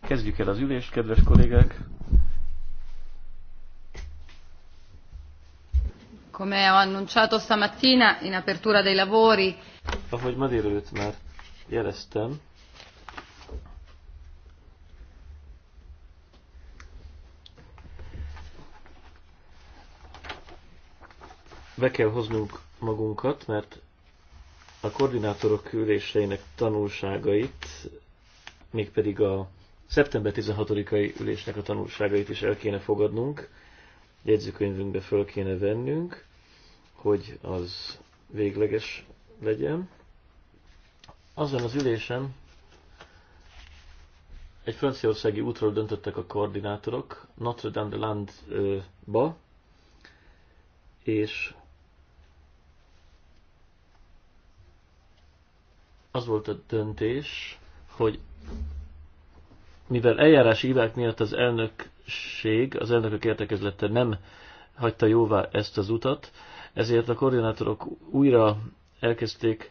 Kezdjük el az ülést, kedves kollégák! come ho annunciato stamattina in apertura dei lavori. Ahogy ma délőtt már jeleztem, be kell hoznunk magunkat, mert a koordinátorok üléseinek tanulságait, mégpedig a szeptember 16-ai ülésnek a tanulságait is el kéne fogadnunk, jegyzőkönyvünkbe föl kéne vennünk, hogy az végleges legyen. Azon az ülésen egy franciaországi útról döntöttek a koordinátorok Notre Dame de Landba, és az volt a döntés, hogy mivel eljárási hibák miatt az elnökség, az elnökök értekezlete nem hagyta jóvá ezt az utat, ezért a koordinátorok újra elkezdték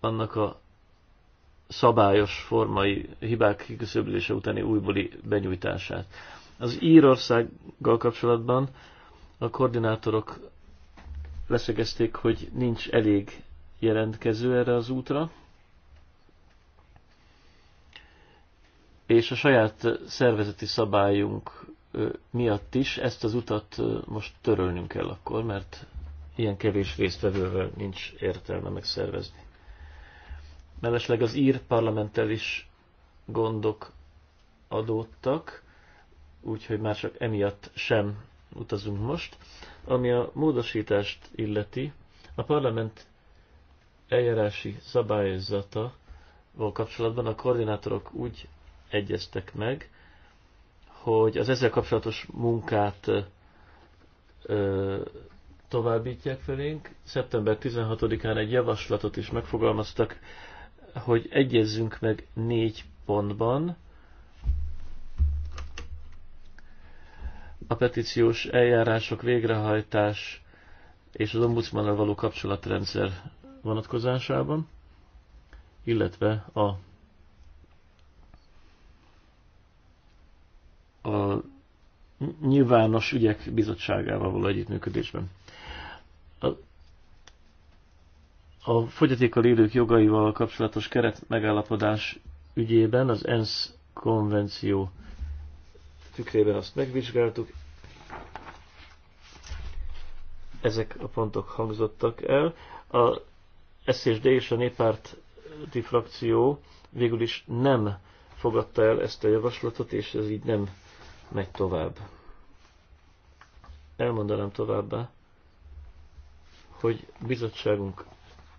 annak a szabályos formai hibák kiküszöbölése utáni újbóli benyújtását. Az Írországgal kapcsolatban a koordinátorok leszögezték, hogy nincs elég jelentkező erre az útra, és a saját szervezeti szabályunk miatt is ezt az utat most törölnünk kell akkor, mert ilyen kevés résztvevővel nincs értelme megszervezni. Mellesleg az ír parlamenttel is gondok adódtak, úgyhogy már csak emiatt sem utazunk most. Ami a módosítást illeti, a parlament eljárási szabályozata kapcsolatban a koordinátorok úgy egyeztek meg, hogy az ezzel kapcsolatos munkát továbbítják felénk. Szeptember 16-án egy javaslatot is megfogalmaztak, hogy egyezzünk meg négy pontban. A petíciós eljárások végrehajtás és az ombudsmannal való kapcsolatrendszer vonatkozásában, illetve a, a nyilvános ügyek bizottságával való együttműködésben. A, a fogyatékkal élők jogaival kapcsolatos keret megállapodás ügyében az ENSZ konvenció tükrében azt megvizsgáltuk. Ezek a pontok hangzottak el. A SZSD és a néppárti frakció végül is nem fogadta el ezt a javaslatot, és ez így nem megy tovább. Elmondanám továbbá, hogy bizottságunk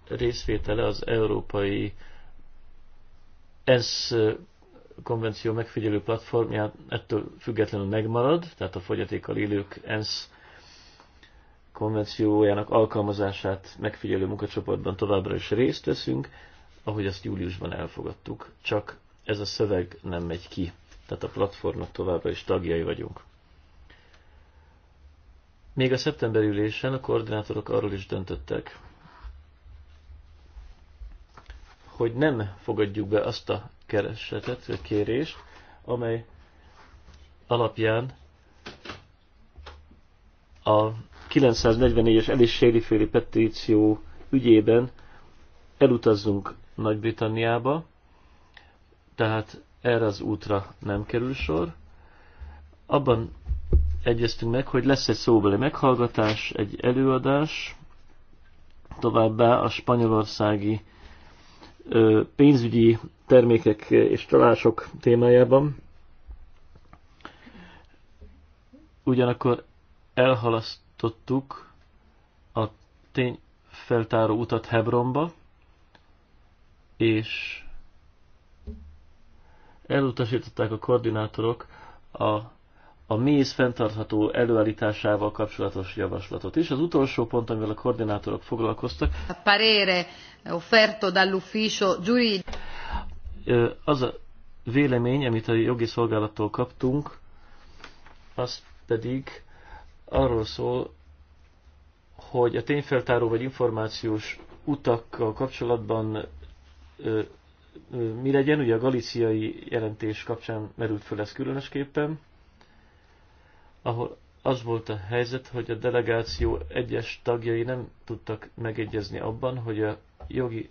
részvétele az Európai ENSZ konvenció megfigyelő platformján ettől függetlenül megmarad, tehát a fogyatékkal élők ENSZ konvenciójának alkalmazását megfigyelő munkacsoportban továbbra is részt veszünk, ahogy azt júliusban elfogadtuk, csak ez a szöveg nem megy ki tehát a platformnak továbbra is tagjai vagyunk. Még a szeptemberi ülésen a koordinátorok arról is döntöttek, hogy nem fogadjuk be azt a keresetet, vagy kérést, amely alapján a 944-es Elis Sériféli petíció ügyében elutazzunk Nagy-Britanniába, tehát erre az útra nem kerül sor. Abban egyeztünk meg, hogy lesz egy szóbeli meghallgatás, egy előadás, továbbá a spanyolországi ö, pénzügyi termékek és csalások témájában. Ugyanakkor elhalasztottuk a tényfeltáró utat Hebronba, és elutasították a koordinátorok a, a méz fenntartható előállításával kapcsolatos javaslatot is. Az utolsó pont, amivel a koordinátorok foglalkoztak, a parere offerto dall'ufficio giuri. Az a vélemény, amit a jogi szolgálattól kaptunk, az pedig arról szól, hogy a tényfeltáró vagy információs utakkal kapcsolatban mi legyen, ugye a galiciai jelentés kapcsán merült föl ez különösképpen, ahol az volt a helyzet, hogy a delegáció egyes tagjai nem tudtak megegyezni abban, hogy a jogi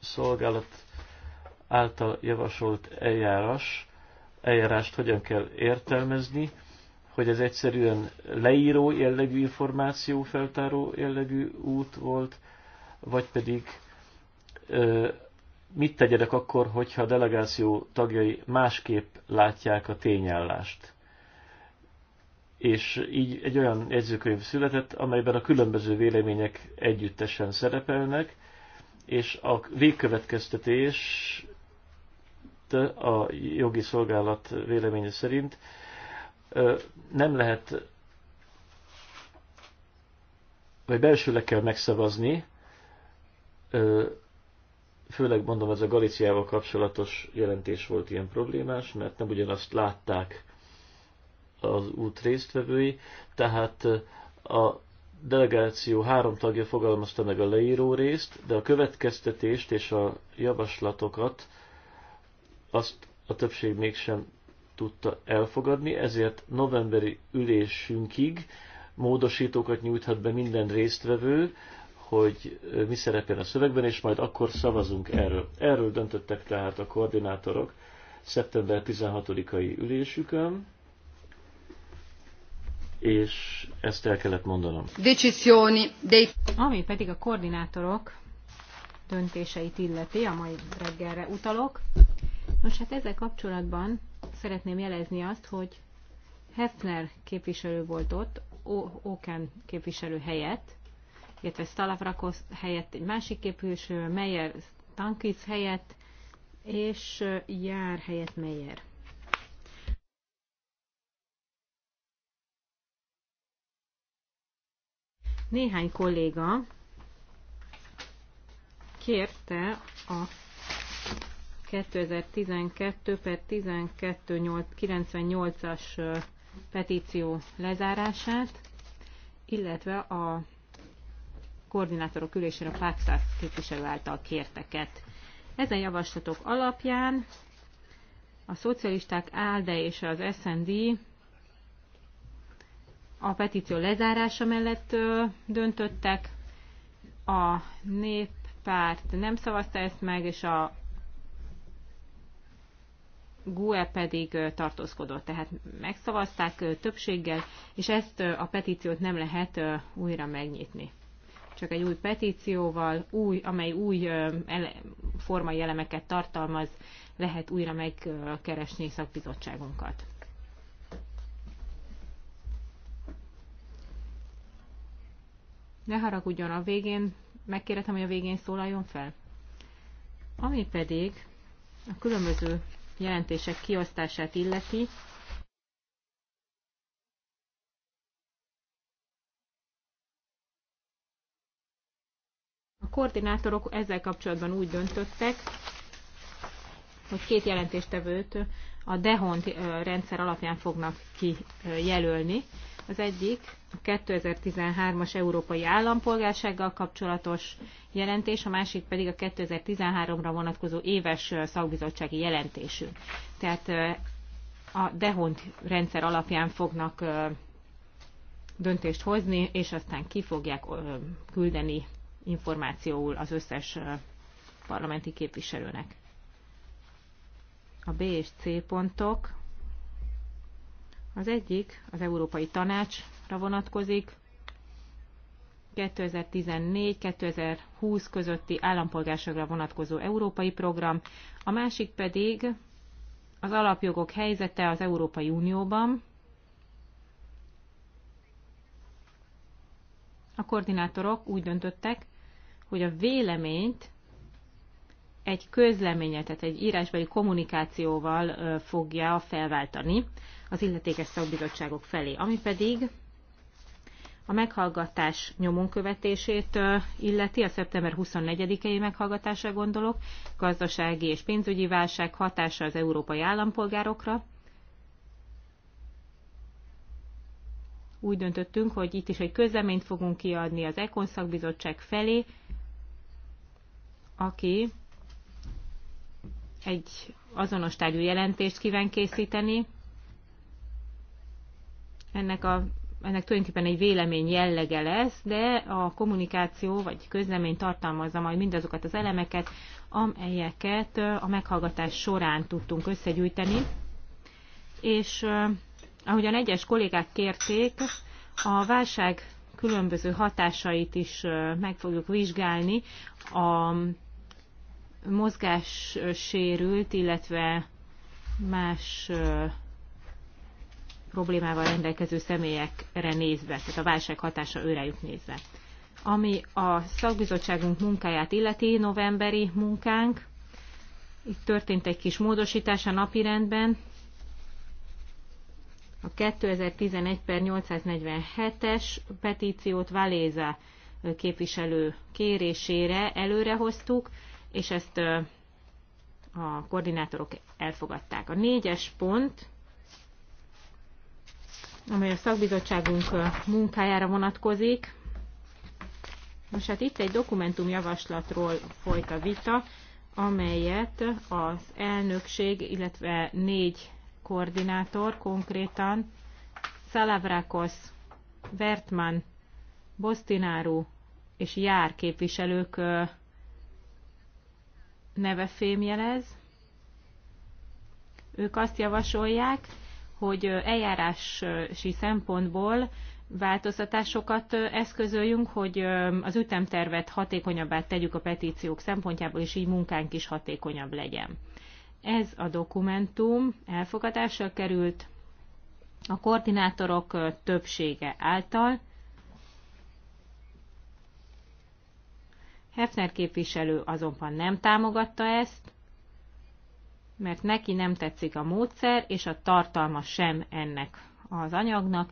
szolgálat által javasolt eljárás, eljárást hogyan kell értelmezni, hogy ez egyszerűen leíró jellegű információ feltáró jellegű út volt, vagy pedig mit tegyedek akkor, hogyha a delegáció tagjai másképp látják a tényállást. És így egy olyan jegyzőkönyv született, amelyben a különböző vélemények együttesen szerepelnek, és a végkövetkeztetés a jogi szolgálat véleménye szerint nem lehet, vagy belsőleg kell megszavazni, főleg mondom, ez a Galiciával kapcsolatos jelentés volt ilyen problémás, mert nem ugyanazt látták az út résztvevői, tehát a delegáció három tagja fogalmazta meg a leíró részt, de a következtetést és a javaslatokat azt a többség mégsem tudta elfogadni, ezért novemberi ülésünkig módosítókat nyújthat be minden résztvevő, hogy mi szerepel a szövegben, és majd akkor szavazunk erről. Erről döntöttek tehát a koordinátorok szeptember 16-ai ülésükön, és ezt el kellett mondanom. Decisioni dei... Ami pedig a koordinátorok döntéseit illeti, a mai reggelre utalok. Nos, hát ezzel kapcsolatban szeretném jelezni azt, hogy Hefner képviselő volt ott, Oken képviselő helyett, illetve Stalavrakos helyett egy másik képviselő, Meyer Tankis helyett, és Jár helyett Meyer. Néhány kolléga kérte a 2012 per 1298-as petíció lezárását, illetve a koordinátorok ülésén a Pákszász képviselő által kérteket. Ezen javaslatok alapján a szocialisták ALDE és az SND a petíció lezárása mellett döntöttek, a néppárt nem szavazta ezt meg, és a GUE pedig tartózkodott, tehát megszavazták többséggel, és ezt a petíciót nem lehet újra megnyitni csak egy új petícióval, új, amely új ele, formai elemeket tartalmaz, lehet újra megkeresni szakbizottságunkat. Ne haragudjon a végén, megkérhetem, hogy a végén szólaljon fel. Ami pedig a különböző jelentések kiosztását illeti, koordinátorok ezzel kapcsolatban úgy döntöttek, hogy két jelentéstevőt a DEHONT rendszer alapján fognak kijelölni. Az egyik a 2013-as európai állampolgársággal kapcsolatos jelentés, a másik pedig a 2013-ra vonatkozó éves szakbizottsági jelentésünk. Tehát a DEHONT rendszer alapján fognak döntést hozni, és aztán ki fogják küldeni információul az összes parlamenti képviselőnek. A B és C pontok. Az egyik az Európai Tanácsra vonatkozik, 2014-2020 közötti állampolgárságra vonatkozó európai program, a másik pedig az alapjogok helyzete az Európai Unióban. A koordinátorok úgy döntöttek, hogy a véleményt egy közleménye, tehát egy írásbeli kommunikációval fogja felváltani az illetékes szakbizottságok felé, ami pedig a meghallgatás nyomon követését illeti, a szeptember 24-i meghallgatásra gondolok, gazdasági és pénzügyi válság hatása az európai állampolgárokra. Úgy döntöttünk, hogy itt is egy közleményt fogunk kiadni az Ekon szakbizottság felé, aki egy azonos tárgyú jelentést kíván készíteni. Ennek, a, ennek tulajdonképpen egy vélemény jellege lesz, de a kommunikáció vagy közlemény tartalmazza majd mindazokat az elemeket, amelyeket a meghallgatás során tudtunk összegyűjteni. És ahogyan egyes kollégák kérték, a válság különböző hatásait is meg fogjuk vizsgálni a mozgássérült, illetve más problémával rendelkező személyekre nézve, tehát a válság hatása őrejük nézve. Ami a szakbizottságunk munkáját illeti, novemberi munkánk, itt történt egy kis módosítás a rendben. a 2011 per 847-es petíciót Valéza képviselő kérésére előrehoztuk, és ezt a koordinátorok elfogadták. A négyes pont, amely a szakbizottságunk munkájára vonatkozik. Most hát itt egy dokumentumjavaslatról folyt a vita, amelyet az elnökség, illetve négy koordinátor konkrétan, Szalavrakosz, Vertman, Bostináru és Jár képviselők neve fémjelez. Ők azt javasolják, hogy eljárási szempontból változtatásokat eszközöljünk, hogy az ütemtervet hatékonyabbá tegyük a petíciók szempontjából, és így munkánk is hatékonyabb legyen. Ez a dokumentum elfogadásra került a koordinátorok többsége által, Hefner képviselő azonban nem támogatta ezt, mert neki nem tetszik a módszer, és a tartalma sem ennek az anyagnak.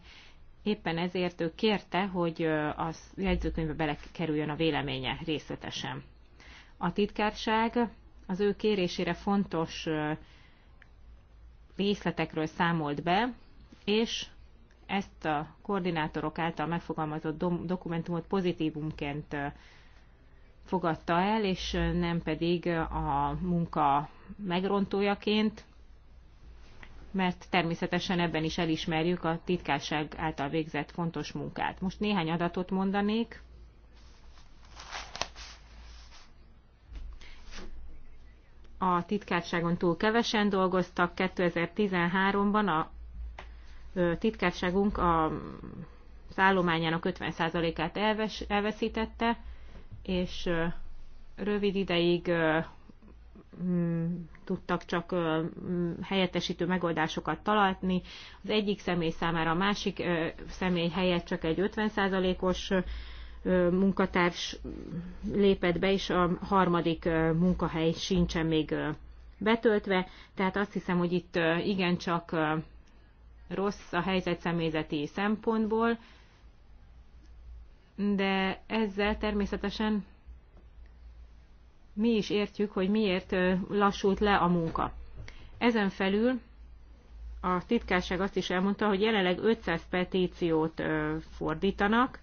Éppen ezért ő kérte, hogy a jegyzőkönyvbe belekerüljön a véleménye részletesen. A titkárság az ő kérésére fontos részletekről számolt be, és ezt a koordinátorok által megfogalmazott dokumentumot pozitívumként fogadta el, és nem pedig a munka megrontójaként, mert természetesen ebben is elismerjük a titkárság által végzett fontos munkát. Most néhány adatot mondanék. A titkárságon túl kevesen dolgoztak. 2013-ban a titkárságunk a szállományának 50%-át elveszítette, és rövid ideig mm, tudtak csak mm, helyettesítő megoldásokat találni. Az egyik személy számára a másik személy helyett csak egy 50%-os munkatárs mm, lépett be, és a harmadik munkahely sincsen még betöltve. Tehát azt hiszem, hogy itt igencsak rossz a helyzet személyzeti szempontból, de ezzel természetesen mi is értjük, hogy miért lassult le a munka. Ezen felül a titkárság azt is elmondta, hogy jelenleg 500 petíciót fordítanak,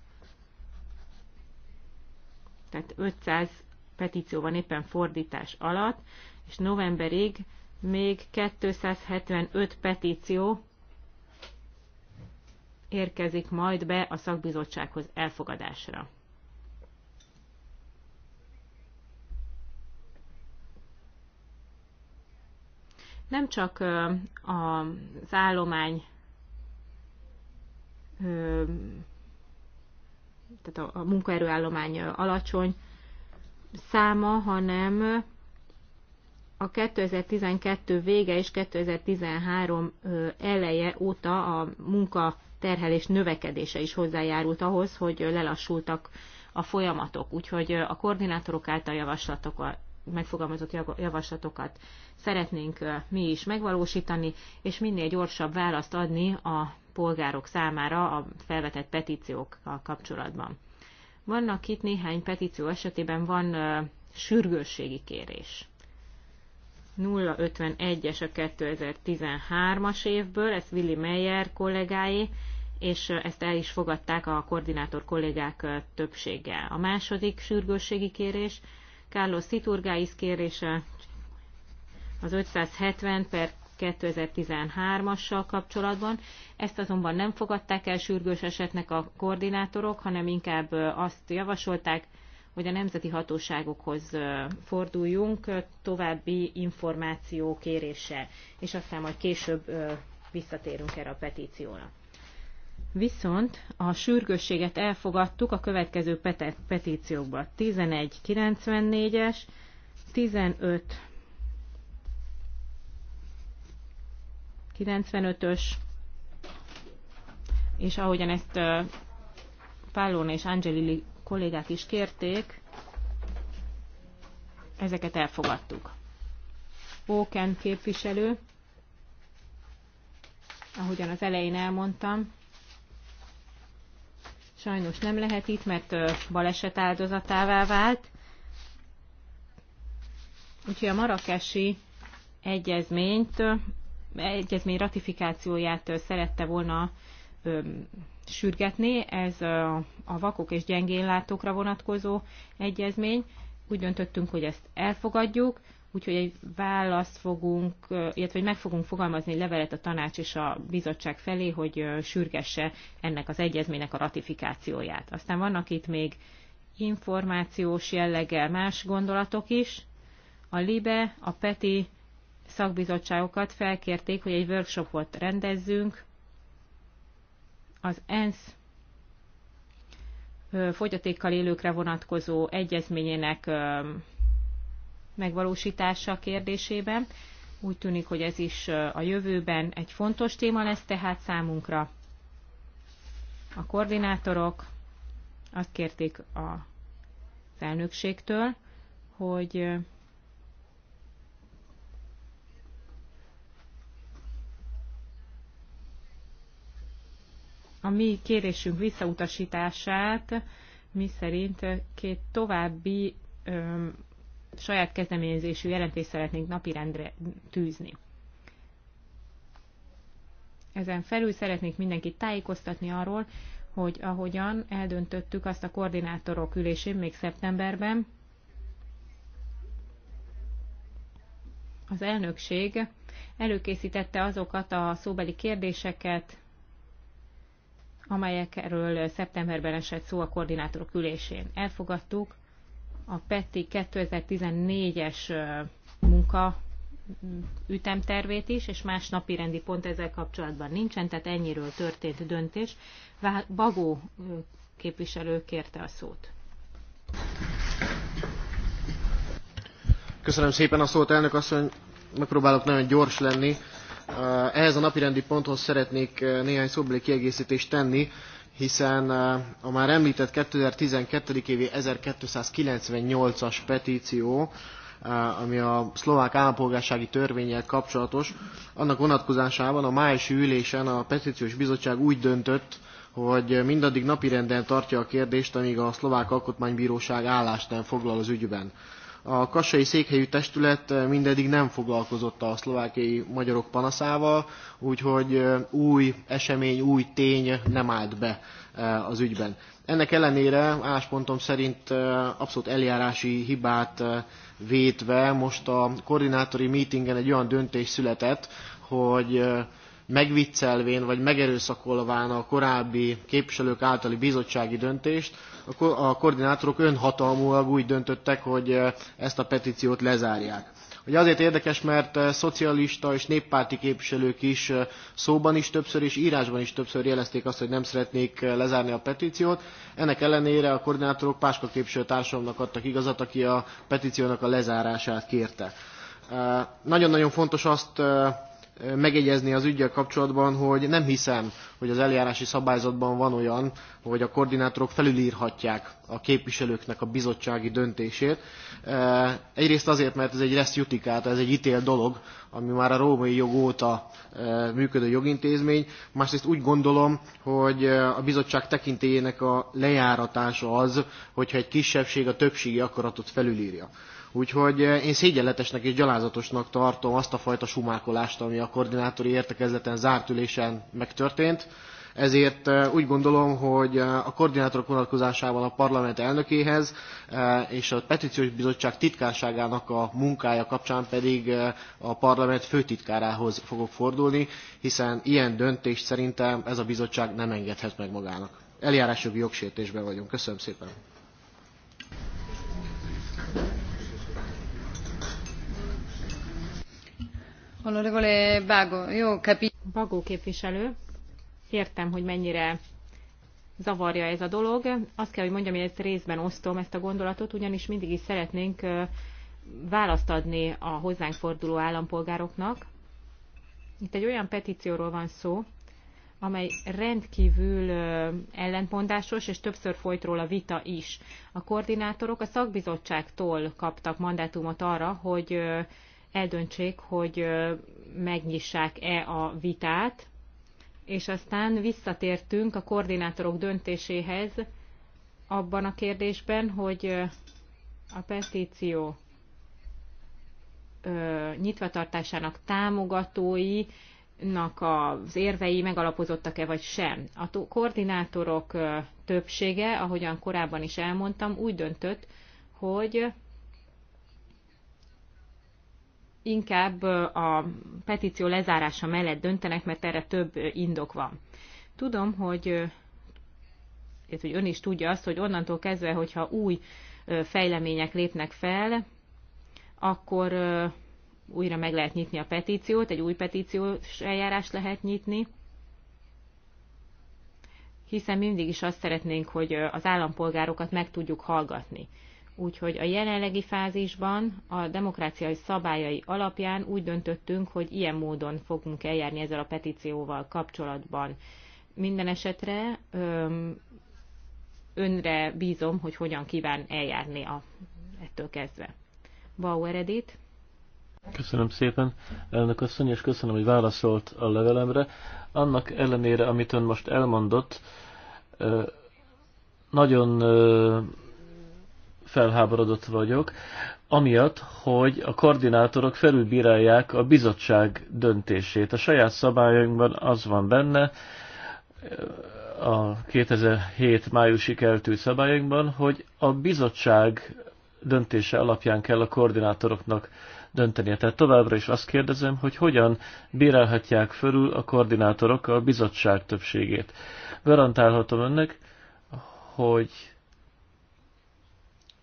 tehát 500 petíció van éppen fordítás alatt, és novemberig még 275 petíció érkezik majd be a szakbizottsághoz elfogadásra. Nem csak az állomány tehát a, munkaerőállomány alacsony száma, hanem a 2012 vége és 2013 eleje óta a munka terhelés növekedése is hozzájárult ahhoz, hogy lelassultak a folyamatok. Úgyhogy a koordinátorok által javaslatokat megfogalmazott javaslatokat szeretnénk mi is megvalósítani, és minél gyorsabb választ adni a polgárok számára a felvetett petíciókkal kapcsolatban. Vannak itt néhány petíció esetében van sürgősségi kérés. 051-es a 2013-as évből, ez Willy Meyer kollégáé, és ezt el is fogadták a koordinátor kollégák többséggel. A második sürgősségi kérés, Carlos Citurgáis kérése az 570 per 2013-assal kapcsolatban. Ezt azonban nem fogadták el sürgős esetnek a koordinátorok, hanem inkább azt javasolták, hogy a nemzeti hatóságokhoz forduljunk további információ kérése, és aztán majd később visszatérünk erre a petícióra. Viszont a sürgősséget elfogadtuk a következő petíciókba. 1194-es, 1595 ös és ahogyan ezt Pallone és Angelili kollégák is kérték, ezeket elfogadtuk. Oken képviselő, ahogyan az elején elmondtam, sajnos nem lehet itt, mert baleset áldozatává vált. Úgyhogy a marakesi egyezményt, egyezmény ratifikációját szerette volna sürgetni, ez a vakok és gyengénlátókra vonatkozó egyezmény. Úgy döntöttünk, hogy ezt elfogadjuk, úgyhogy egy választ fogunk, illetve meg fogunk fogalmazni egy levelet a tanács és a bizottság felé, hogy sürgesse ennek az egyezménynek a ratifikációját. Aztán vannak itt még információs jelleggel más gondolatok is. A LIBE, a PETI szakbizottságokat felkérték, hogy egy workshopot rendezzünk. Az ENSZ fogyatékkal élőkre vonatkozó egyezményének megvalósítása kérdésében. Úgy tűnik, hogy ez is a jövőben egy fontos téma lesz tehát számunkra. A koordinátorok azt kérték a felnökségtől, hogy a mi kérésünk visszautasítását, mi szerint két további saját kezdeményezésű jelentést szeretnénk napirendre tűzni. Ezen felül szeretnék mindenkit tájékoztatni arról, hogy ahogyan eldöntöttük azt a koordinátorok ülésén még szeptemberben, az elnökség előkészítette azokat a szóbeli kérdéseket, amelyekről szeptemberben esett szó a koordinátorok ülésén. Elfogadtuk a PETI 2014-es munka ütemtervét is, és más napi rendi pont ezzel kapcsolatban nincsen, tehát ennyiről történt döntés. Bagó képviselő kérte a szót. Köszönöm szépen a szót, elnök asszony. Megpróbálok nagyon gyors lenni. Ehhez a napirendi ponthoz szeretnék néhány szóbeli kiegészítést tenni hiszen eh, a már említett 2012. évi 1298-as petíció, eh, ami a szlovák állampolgársági törvényel kapcsolatos, annak vonatkozásában a májusi ülésen a petíciós bizottság úgy döntött, hogy mindaddig napirenden tartja a kérdést, amíg a szlovák alkotmánybíróság állást nem foglal az ügyben. A kassai székhelyű testület eh, mindedig nem foglalkozott a szlovákiai magyarok panaszával, úgyhogy eh, új esemény, új tény nem állt be eh, az ügyben. Ennek ellenére álláspontom szerint abszolút eljárási hibát vétve most a koordinátori meetingen egy olyan döntés született, hogy megviccelvén vagy megerőszakolván a korábbi képviselők általi bizottsági döntést, a koordinátorok önhatalmúak úgy döntöttek, hogy ezt a petíciót lezárják. Hogy azért érdekes, mert szocialista és néppárti képviselők is szóban is többször és írásban is többször jelezték azt, hogy nem szeretnék lezárni a petíciót. Ennek ellenére a koordinátorok Páska képviselőtársamnak adtak igazat, aki a petíciónak a lezárását kérte. Nagyon-nagyon fontos azt megjegyezni az ügyel kapcsolatban, hogy nem hiszem, hogy az eljárási szabályzatban van olyan, hogy a koordinátorok felülírhatják a képviselőknek a bizottsági döntését. E, egyrészt azért, mert ez egy res judicata, ez egy ítél dolog, ami már a római jog óta e, működő jogintézmény. Másrészt úgy gondolom, hogy e, a bizottság tekintélyének a lejáratása az, hogyha egy kisebbség a többségi akaratot felülírja. Úgyhogy eh, én szégyenletesnek és gyalázatosnak tartom azt a fajta sumákolást, ami a koordinátori értekezleten zárt ülésen megtörtént. Ezért eh, úgy gondolom, hogy eh, a koordinátorok vonatkozásában a parlament elnökéhez és a petíciós bizottság titkárságának a munkája kapcsán pedig a parlament főtitkárához fogok fordulni, hiszen ilyen döntést szerintem ez a bizottság nem engedhet meg magának. Eljárásjogi jogsértésben vagyunk. Köszönöm szépen! jó, Bagó képviselő, értem, hogy mennyire zavarja ez a dolog. Azt kell, hogy mondjam, hogy ezt részben osztom ezt a gondolatot, ugyanis mindig is szeretnénk választ adni a hozzánk forduló állampolgároknak. Itt egy olyan petícióról van szó, amely rendkívül ellentmondásos, és többször folyt róla vita is. A koordinátorok a szakbizottságtól kaptak mandátumot arra, hogy eldöntsék, hogy megnyissák-e a vitát, és aztán visszatértünk a koordinátorok döntéséhez abban a kérdésben, hogy a petíció nyitvatartásának támogatói, nak az érvei megalapozottak-e vagy sem. A koordinátorok többsége, ahogyan korábban is elmondtam, úgy döntött, hogy inkább a petíció lezárása mellett döntenek, mert erre több indok van. Tudom, hogy, ez, hogy ön is tudja azt, hogy onnantól kezdve, hogyha új fejlemények lépnek fel, akkor újra meg lehet nyitni a petíciót, egy új petíciós eljárást lehet nyitni, hiszen mindig is azt szeretnénk, hogy az állampolgárokat meg tudjuk hallgatni. Úgyhogy a jelenlegi fázisban a demokráciai szabályai alapján úgy döntöttünk, hogy ilyen módon fogunk eljárni ezzel a petícióval kapcsolatban. Minden esetre öm, önre bízom, hogy hogyan kíván eljárni a, ettől kezdve. Bauer Edith. Köszönöm szépen, elnök asszony, és köszönöm, hogy válaszolt a levelemre. Annak ellenére, amit ön most elmondott, nagyon felháborodott vagyok, amiatt, hogy a koordinátorok felülbírálják a bizottság döntését. A saját szabályainkban az van benne, a 2007 májusi keltő szabályainkban, hogy a bizottság döntése alapján kell a koordinátoroknak döntenie. Tehát továbbra is azt kérdezem, hogy hogyan bírálhatják fölül a koordinátorok a bizottság többségét. Garantálhatom önnek, hogy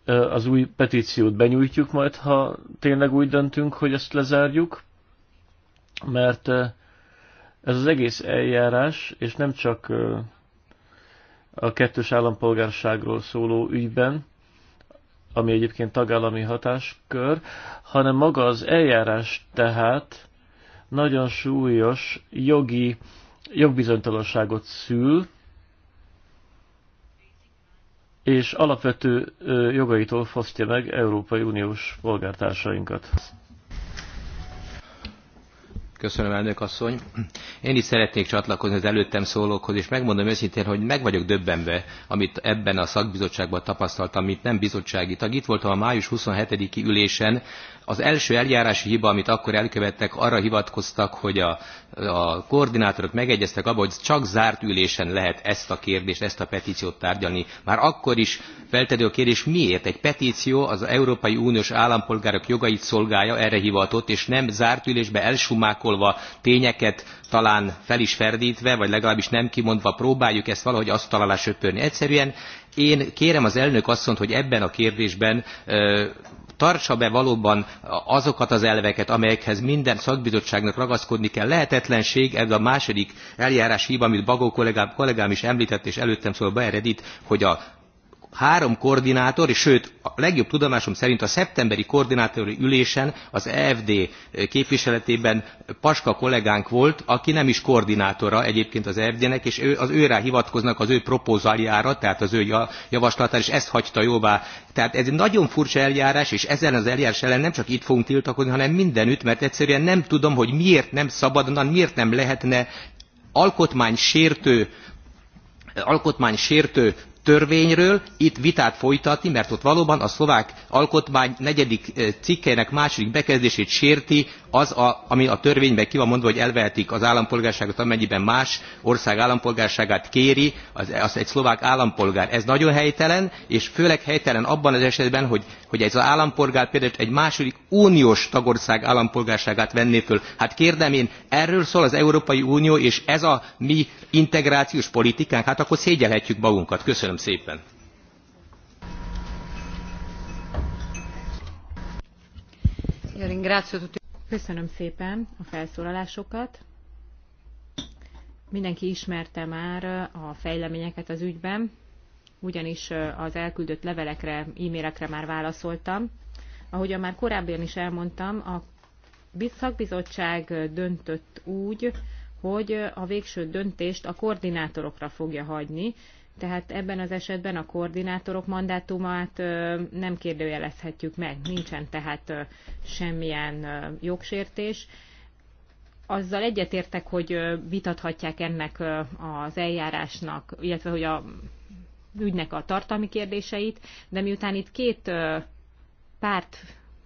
az új petíciót benyújtjuk majd, ha tényleg úgy döntünk, hogy ezt lezárjuk, mert ez az egész eljárás, és nem csak a kettős állampolgárságról szóló ügyben, ami egyébként tagállami hatáskör, hanem maga az eljárás tehát nagyon súlyos jogi jogbizonytalanságot szül, és alapvető jogaitól fosztja meg Európai Uniós polgártársainkat. Köszönöm, elnök asszony. Én is szeretnék csatlakozni az előttem szólókhoz, és megmondom őszintén, hogy meg vagyok döbbenve, amit ebben a szakbizottságban tapasztaltam, mint nem bizottsági tag. Itt voltam a május 27-i ülésen, az első eljárási hiba, amit akkor elkövettek, arra hivatkoztak, hogy a, a koordinátorok megegyeztek abban, hogy csak zárt ülésen lehet ezt a kérdést, ezt a petíciót tárgyalni. Már akkor is feltedő a kérdés, miért egy petíció az Európai Uniós állampolgárok jogait szolgálja, erre hivatott, és nem zárt ülésbe elsumákolva tényeket talán fel is ferdítve, vagy legalábbis nem kimondva próbáljuk ezt valahogy azt alá söpörni. Egyszerűen én kérem az elnök asszonyt, hogy ebben a kérdésben tartsa be valóban azokat az elveket, amelyekhez minden szakbizottságnak ragaszkodni kell. Lehetetlenség, ez a második eljárás hiba, amit Bagó kollégám, kollégám is említett, és előttem szól Bayer hogy a három koordinátor, és sőt, a legjobb tudomásom szerint a szeptemberi koordinátori ülésen az EFD képviseletében Paska kollégánk volt, aki nem is koordinátora egyébként az EFD-nek, és ő, az őrá hivatkoznak az ő propozáljára, tehát az ő javaslatára, és ezt hagyta jóvá. Tehát ez egy nagyon furcsa eljárás, és ezen az eljárás ellen nem csak itt fogunk tiltakozni, hanem mindenütt, mert egyszerűen nem tudom, hogy miért nem szabadon, miért nem lehetne alkotmány alkotmány sértő törvényről itt vitát folytatni mert ott valóban a szlovák alkotmány negyedik eh, cikkelyének második bekezdését sérti az, a, ami a törvényben ki van mondva, hogy elvehetik az állampolgárságot, amennyiben más ország állampolgárságát kéri, az, az egy szlovák állampolgár. Ez nagyon helytelen, és főleg helytelen abban az esetben, hogy, hogy ez az állampolgár például egy második uniós tagország állampolgárságát venné föl. Hát kérdem én, erről szól az Európai Unió, és ez a mi integrációs politikánk, hát akkor szégyelhetjük magunkat. Köszönöm szépen. Io ringrazio tutti. Köszönöm szépen a felszólalásokat. Mindenki ismerte már a fejleményeket az ügyben, ugyanis az elküldött levelekre, e-mailekre már válaszoltam. Ahogyan már korábban is elmondtam, a szakbizottság döntött úgy, hogy a végső döntést a koordinátorokra fogja hagyni, tehát ebben az esetben a koordinátorok mandátumát nem kérdőjelezhetjük meg, nincsen tehát semmilyen jogsértés. Azzal egyetértek, hogy vitathatják ennek az eljárásnak, illetve hogy a ügynek a tartalmi kérdéseit, de miután itt két párt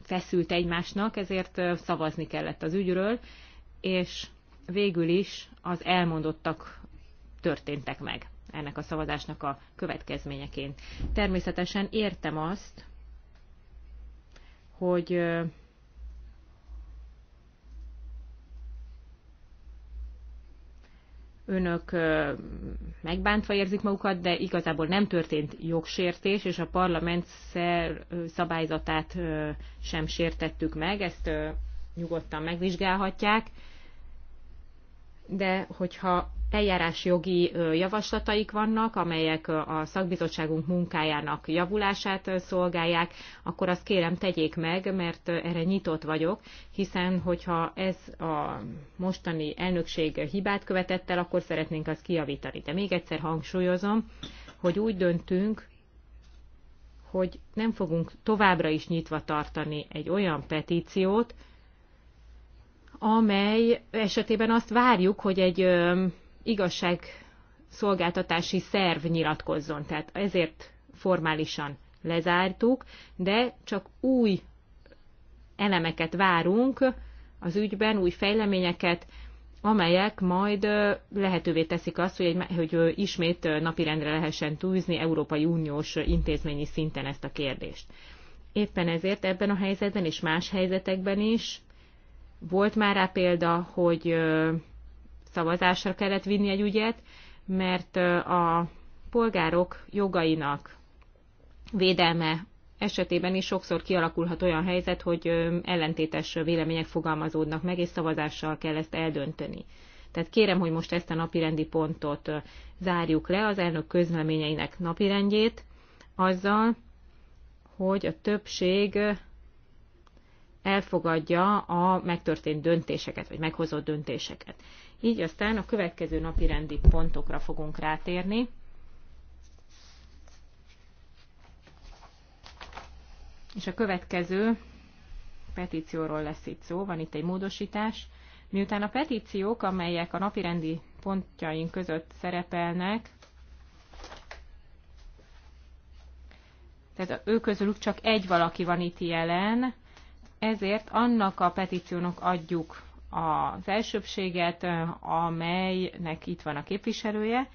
feszült egymásnak, ezért szavazni kellett az ügyről, és végül is az elmondottak történtek meg ennek a szavazásnak a következményeként. Természetesen értem azt, hogy önök megbántva érzik magukat, de igazából nem történt jogsértés, és a parlament szabályzatát sem sértettük meg, ezt nyugodtan megvizsgálhatják. De hogyha eljárásjogi javaslataik vannak, amelyek a szakbizottságunk munkájának javulását szolgálják, akkor azt kérem tegyék meg, mert erre nyitott vagyok, hiszen hogyha ez a mostani elnökség hibát követett el, akkor szeretnénk azt kiavítani. De még egyszer hangsúlyozom, hogy úgy döntünk, hogy nem fogunk továbbra is nyitva tartani egy olyan petíciót, amely esetében azt várjuk, hogy egy igazság szolgáltatási szerv nyilatkozzon. Tehát ezért formálisan lezártuk, de csak új elemeket várunk az ügyben, új fejleményeket, amelyek majd lehetővé teszik azt, hogy, egy, hogy ismét napirendre lehessen tűzni Európai Uniós intézményi szinten ezt a kérdést. Éppen ezért ebben a helyzetben és más helyzetekben is volt már rá példa, hogy szavazásra kellett vinni egy ügyet, mert a polgárok jogainak védelme esetében is sokszor kialakulhat olyan helyzet, hogy ellentétes vélemények fogalmazódnak meg, és szavazással kell ezt eldönteni. Tehát kérem, hogy most ezt a napirendi pontot zárjuk le, az elnök közleményeinek napirendjét, azzal, hogy a többség elfogadja a megtörtént döntéseket, vagy meghozott döntéseket. Így aztán a következő napi rendi pontokra fogunk rátérni. És a következő petícióról lesz itt szó, van itt egy módosítás. Miután a petíciók, amelyek a napirendi pontjaink között szerepelnek, tehát ő közülük csak egy valaki van itt jelen, ezért annak a petíciónak adjuk az elsőbséget, amelynek itt van a képviselője.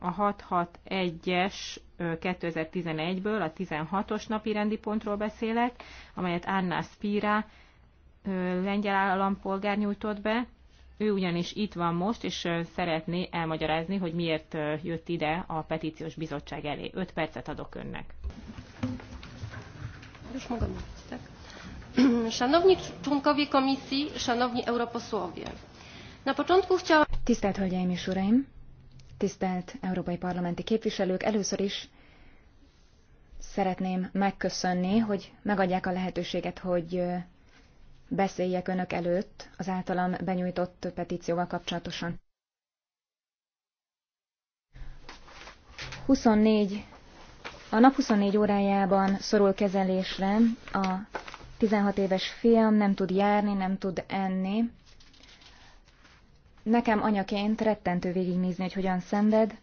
A 661-es 2011-ből a 16-os napi rendi pontról beszélek, amelyet Anna Spira lengyel állampolgár nyújtott be. Ő ugyanis itt van most, és szeretné elmagyarázni, hogy miért jött ide a petíciós bizottság elé. 5 percet adok önnek. Most magam. Szanowni członkowie komisji, szanowni europosłowie. Na początku chciałam... Tisztelt Hölgyeim és Uraim! Tisztelt Európai Parlamenti képviselők! Először is szeretném megköszönni, hogy megadják a lehetőséget, hogy beszéljek önök előtt az általam benyújtott petícióval kapcsolatosan. 24, a nap 24 órájában szorul kezelésre a 16 éves fiam nem tud járni, nem tud enni. Nekem anyaként rettentő végignézni, hogy hogyan szenved,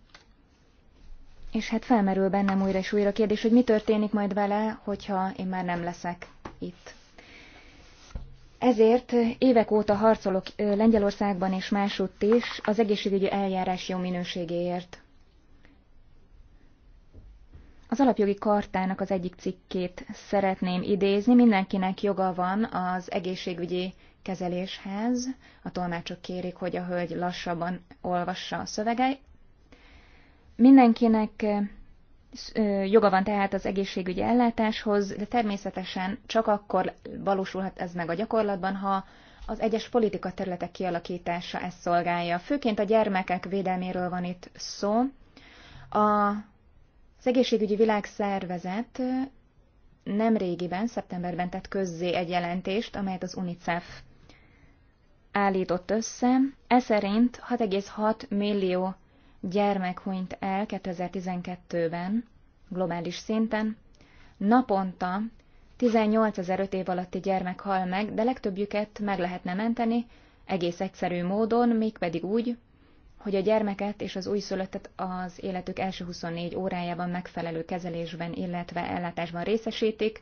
és hát felmerül bennem újra és újra a kérdés, hogy mi történik majd vele, hogyha én már nem leszek itt. Ezért évek óta harcolok Lengyelországban és másutt is az egészségügyi eljárás jó minőségéért. Az alapjogi kartának az egyik cikkét szeretném idézni. Mindenkinek joga van az egészségügyi kezeléshez. A tolmácsok kérik, hogy a hölgy lassabban olvassa a szövegei. Mindenkinek joga van tehát az egészségügyi ellátáshoz, de természetesen csak akkor valósulhat ez meg a gyakorlatban, ha az egyes politika területek kialakítása ezt szolgálja. Főként a gyermekek védelméről van itt szó. A az egészségügyi világszervezet nemrégiben, szeptemberben tett közzé egy jelentést, amelyet az UNICEF állított össze. Ez szerint 6,6 millió gyermek hunyt el 2012-ben globális szinten. Naponta 18 ezer év alatti gyermek hal meg, de legtöbbjüket meg lehetne menteni egész egyszerű módon, mégpedig úgy, hogy a gyermeket és az újszülöttet az életük első 24 órájában megfelelő kezelésben, illetve ellátásban részesítik.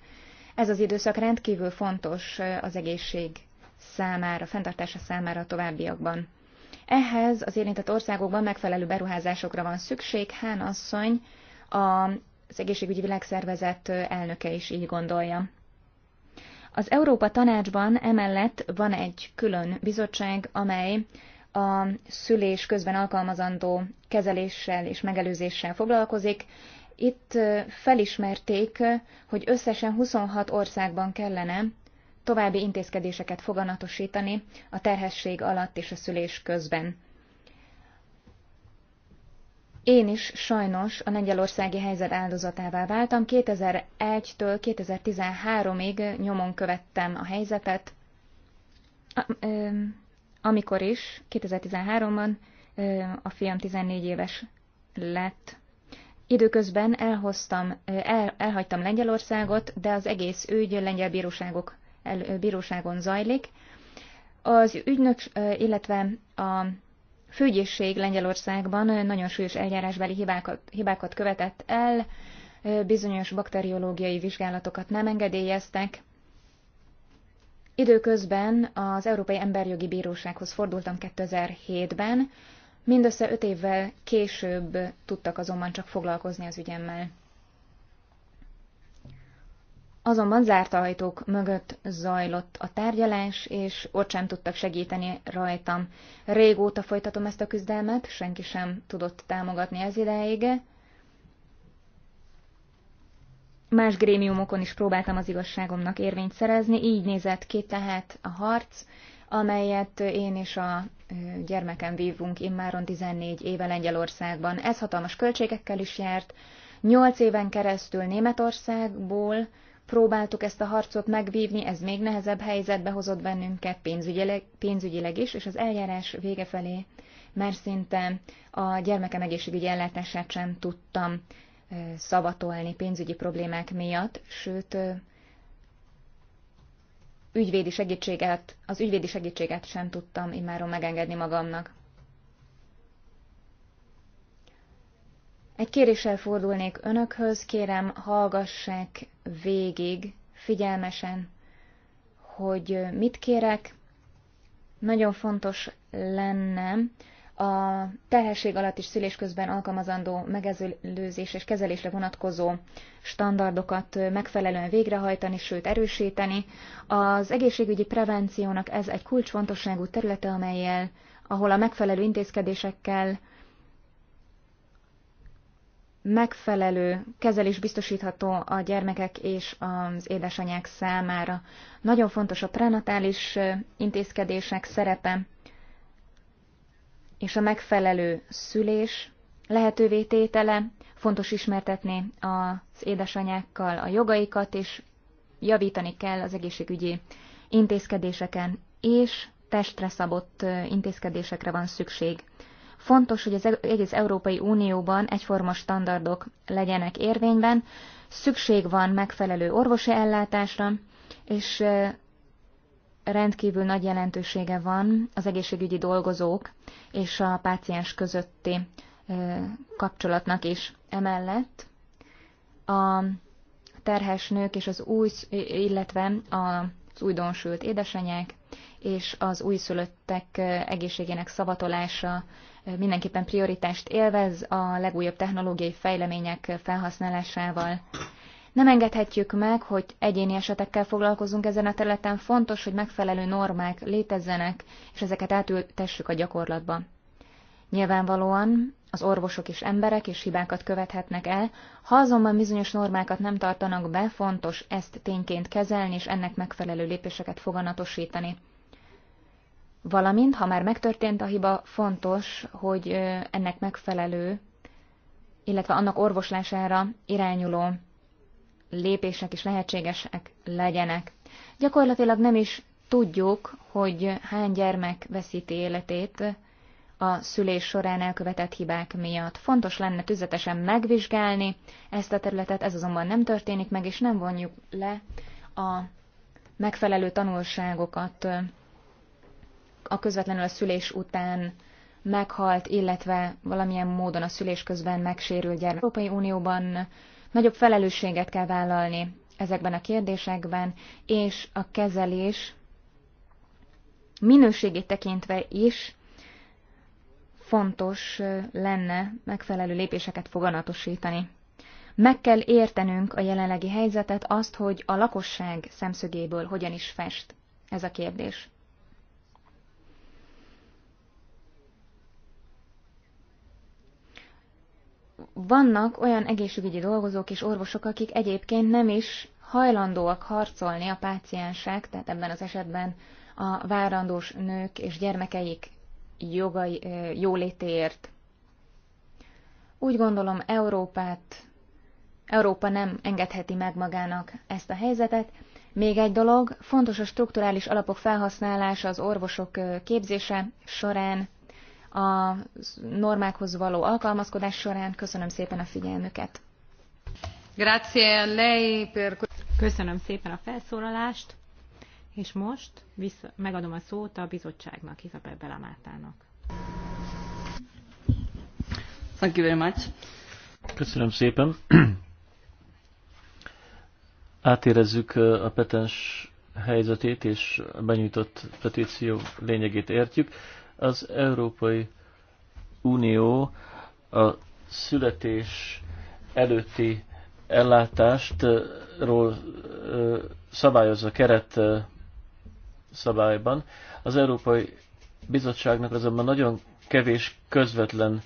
Ez az időszak rendkívül fontos eh, az egészség számára, fenntartása számára a továbbiakban. Ehhez az érintett országokban megfelelő beruházásokra van szükség. Hán asszony az egészségügyi világszervezet eh, elnöke is így gondolja. Az Európa Tanácsban emellett van egy külön bizottság, amely a szülés közben alkalmazandó kezeléssel és megelőzéssel foglalkozik. Itt felismerték, hogy összesen 26 országban kellene további intézkedéseket foganatosítani a terhesség alatt és a szülés közben. Én is sajnos a lengyelországi helyzet áldozatává váltam. 2001-től 2013-ig nyomon követtem a helyzetet amikor is 2013-ban a fiam 14 éves lett. Időközben elhoztam, el, elhagytam Lengyelországot, de az egész ügy lengyel bíróságok, el, bíróságon zajlik. Az ügynök, illetve a főgyészség Lengyelországban nagyon súlyos eljárásbeli hibákat, hibákat követett el, bizonyos bakteriológiai vizsgálatokat nem engedélyeztek, Időközben az Európai Emberjogi Bírósághoz fordultam 2007-ben, mindössze öt évvel később tudtak azonban csak foglalkozni az ügyemmel. Azonban zárt ajtók mögött zajlott a tárgyalás, és ott sem tudtak segíteni rajtam. Régóta folytatom ezt a küzdelmet, senki sem tudott támogatni ez ideig, Más grémiumokon is próbáltam az igazságomnak érvényt szerezni, így nézett ki tehát a harc, amelyet én és a gyermekem vívunk immáron 14 éve Lengyelországban. Ez hatalmas költségekkel is járt. Nyolc éven keresztül Németországból próbáltuk ezt a harcot megvívni, ez még nehezebb helyzetbe hozott bennünket pénzügyileg, pénzügyileg is, és az eljárás vége felé már szinte a gyermekem egészségügyi ellátását sem tudtam szavatolni pénzügyi problémák miatt, sőt, ügyvédi segítséget, az ügyvédi segítséget sem tudtam immáron megengedni magamnak. Egy kéréssel fordulnék önökhöz, kérem hallgassák végig figyelmesen, hogy mit kérek. Nagyon fontos lenne, a terhesség alatt és szülés közben alkalmazandó megezőlőzés és kezelésre vonatkozó standardokat megfelelően végrehajtani, sőt erősíteni. Az egészségügyi prevenciónak ez egy kulcsfontosságú területe, amelyel, ahol a megfelelő intézkedésekkel megfelelő kezelés biztosítható a gyermekek és az édesanyák számára. Nagyon fontos a prenatális intézkedések szerepe és a megfelelő szülés lehetővé tétele, fontos ismertetni az édesanyákkal a jogaikat, és javítani kell az egészségügyi intézkedéseken, és testre szabott intézkedésekre van szükség. Fontos, hogy az e- egész Európai Unióban egyforma standardok legyenek érvényben, szükség van megfelelő orvosi ellátásra, és rendkívül nagy jelentősége van az egészségügyi dolgozók és a páciens közötti kapcsolatnak is. Emellett a terhes nők és az új, illetve az újdonsült édesanyák és az újszülöttek egészségének szavatolása mindenképpen prioritást élvez a legújabb technológiai fejlemények felhasználásával. Nem engedhetjük meg, hogy egyéni esetekkel foglalkozunk ezen a területen, fontos, hogy megfelelő normák létezzenek, és ezeket átültessük a gyakorlatba. Nyilvánvalóan az orvosok is emberek, és hibákat követhetnek el, ha azonban bizonyos normákat nem tartanak be, fontos ezt tényként kezelni, és ennek megfelelő lépéseket foganatosítani. Valamint, ha már megtörtént a hiba, fontos, hogy ennek megfelelő, illetve annak orvoslására irányuló lépések is lehetségesek legyenek. Gyakorlatilag nem is tudjuk, hogy hány gyermek veszíti életét a szülés során elkövetett hibák miatt. Fontos lenne tüzetesen megvizsgálni ezt a területet, ez azonban nem történik meg, és nem vonjuk le a megfelelő tanulságokat a közvetlenül a szülés után meghalt, illetve valamilyen módon a szülés közben megsérült gyermek. Európai Unióban Nagyobb felelősséget kell vállalni ezekben a kérdésekben, és a kezelés minőségét tekintve is fontos lenne megfelelő lépéseket foganatosítani. Meg kell értenünk a jelenlegi helyzetet, azt, hogy a lakosság szemszögéből hogyan is fest ez a kérdés. vannak olyan egészségügyi dolgozók és orvosok, akik egyébként nem is hajlandóak harcolni a páciensek, tehát ebben az esetben a várandós nők és gyermekeik jogai, jólétéért. Úgy gondolom, Európát, Európa nem engedheti meg magának ezt a helyzetet. Még egy dolog, fontos a strukturális alapok felhasználása az orvosok képzése során a normákhoz való alkalmazkodás során. Köszönöm szépen a figyelmüket. Grazie lei per... Köszönöm szépen a felszólalást, és most vissza, megadom a szót a bizottságnak, Izabel Belamátának. Thank you very much. Köszönöm szépen. Átérezzük a petens helyzetét és a benyújtott petíció lényegét értjük. Az Európai Unió a születés előtti ellátástról szabályozza keret szabályban. Az Európai Bizottságnak azonban nagyon kevés közvetlen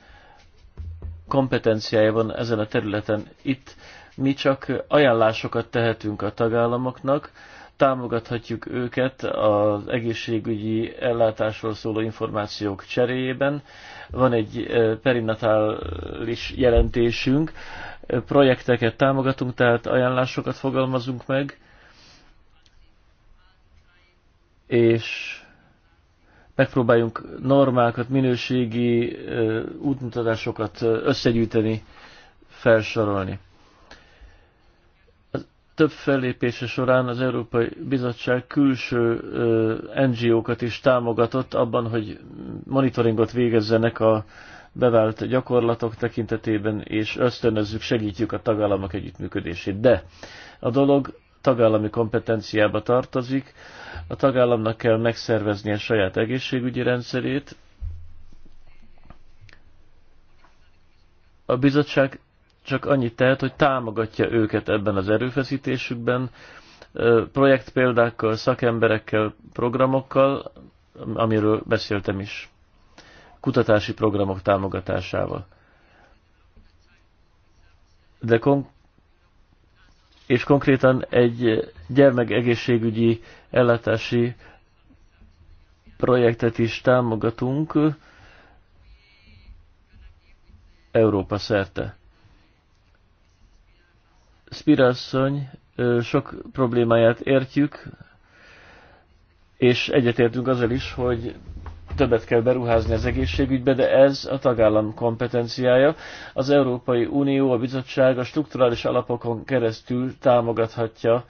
kompetenciája van ezen a területen. Itt mi csak ajánlásokat tehetünk a tagállamoknak, támogathatjuk őket az egészségügyi ellátásról szóló információk cseréjében. Van egy perinatális jelentésünk, projekteket támogatunk, tehát ajánlásokat fogalmazunk meg, és megpróbáljunk normákat, minőségi útmutatásokat összegyűjteni, felsorolni több fellépése során az Európai Bizottság külső NGO-kat is támogatott abban, hogy monitoringot végezzenek a bevált gyakorlatok tekintetében, és ösztönözzük, segítjük a tagállamok együttműködését. De a dolog tagállami kompetenciába tartozik, a tagállamnak kell megszervezni a saját egészségügyi rendszerét. A bizottság csak annyit tehet, hogy támogatja őket ebben az erőfeszítésükben, projektpéldákkal, szakemberekkel, programokkal, amiről beszéltem is, kutatási programok támogatásával. De kon- és konkrétan egy gyermekegészségügyi ellátási projektet is támogatunk Európa szerte. Spirasszony sok problémáját értjük, és egyetértünk azzal is, hogy többet kell beruházni az egészségügybe, de ez a tagállam kompetenciája. Az Európai Unió, a bizottság a strukturális alapokon keresztül támogathatja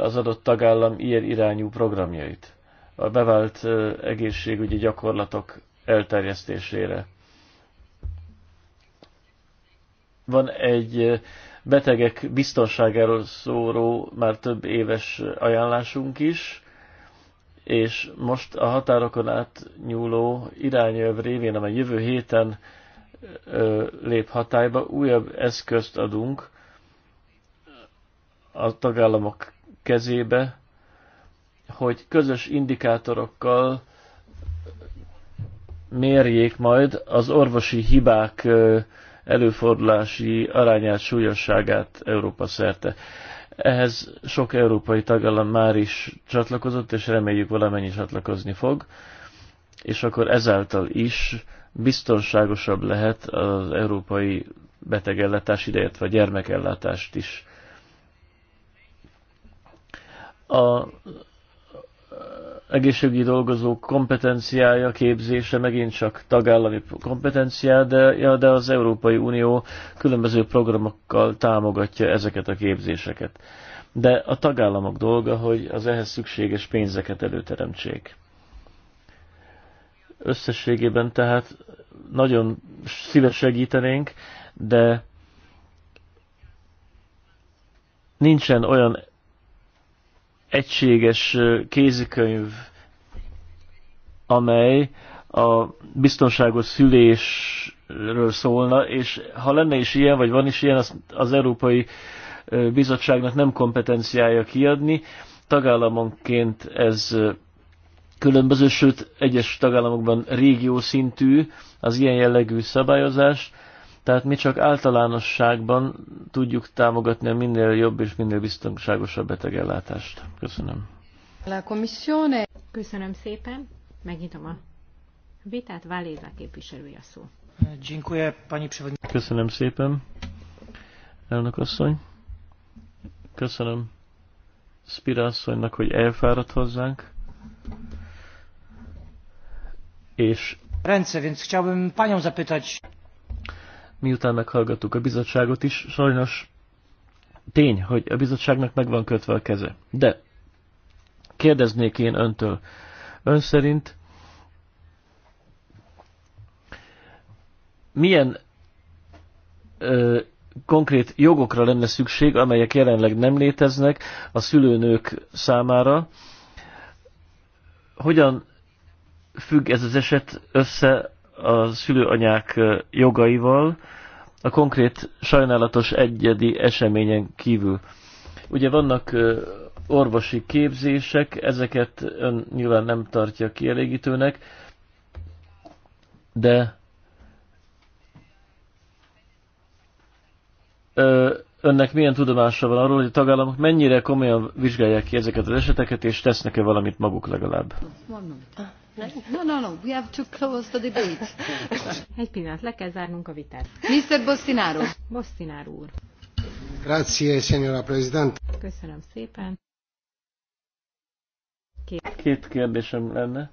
az adott tagállam ilyen irányú programjait, a bevált egészségügyi gyakorlatok elterjesztésére. Van egy betegek biztonságáról szóró már több éves ajánlásunk is, és most a határokon át nyúló irányelv révén, amely jövő héten ö, lép hatályba, újabb eszközt adunk a tagállamok kezébe, hogy közös indikátorokkal mérjék majd az orvosi hibák ö, előfordulási arányát, súlyosságát Európa szerte. Ehhez sok európai tagállam már is csatlakozott, és reméljük valamennyi csatlakozni fog, és akkor ezáltal is biztonságosabb lehet az európai betegellátás idejét, vagy gyermekellátást is. A egészségügyi dolgozók kompetenciája, képzése megint csak tagállami kompetenciá, de, ja, de az Európai Unió különböző programokkal támogatja ezeket a képzéseket. De a tagállamok dolga, hogy az ehhez szükséges pénzeket előteremtsék. Összességében tehát nagyon szíves segítenénk, de nincsen olyan egységes kézikönyv, amely a biztonságos szülésről szólna, és ha lenne is ilyen, vagy van is ilyen, az, az Európai Bizottságnak nem kompetenciája kiadni. Tagállamonként ez különböző, sőt egyes tagállamokban régió szintű az ilyen jellegű szabályozás. Tehát mi csak általánosságban tudjuk támogatni a minél jobb és minél biztonságosabb betegellátást. Köszönöm. La commissione. Köszönöm szépen. Megnyitom a vitát. Váléza képviselője szó. Dziękuję, pani Köszönöm szépen, elnök asszony. Köszönöm Spirászonynak, hogy elfáradt hozzánk. És... Ręce, więc chciałbym panią zapytać miután meghallgattuk a bizottságot is, sajnos tény, hogy a bizottságnak meg van kötve a keze. De kérdeznék én öntől. Ön szerint milyen ö, konkrét jogokra lenne szükség, amelyek jelenleg nem léteznek a szülőnők számára? Hogyan függ ez az eset össze a szülőanyák jogaival, a konkrét sajnálatos egyedi eseményen kívül. Ugye vannak orvosi képzések, ezeket ön nyilván nem tartja kielégítőnek, de önnek milyen tudomása van arról, hogy a tagállamok mennyire komolyan vizsgálják ki ezeket az eseteket, és tesznek-e valamit maguk legalább? No, no, no, we have to close the debate. Egy pillanat, le kell zárnunk a vitát. Mr. Bostinaro. Bostinaro úr. Grazie, signora President. Köszönöm szépen. Két. Két kérdésem lenne.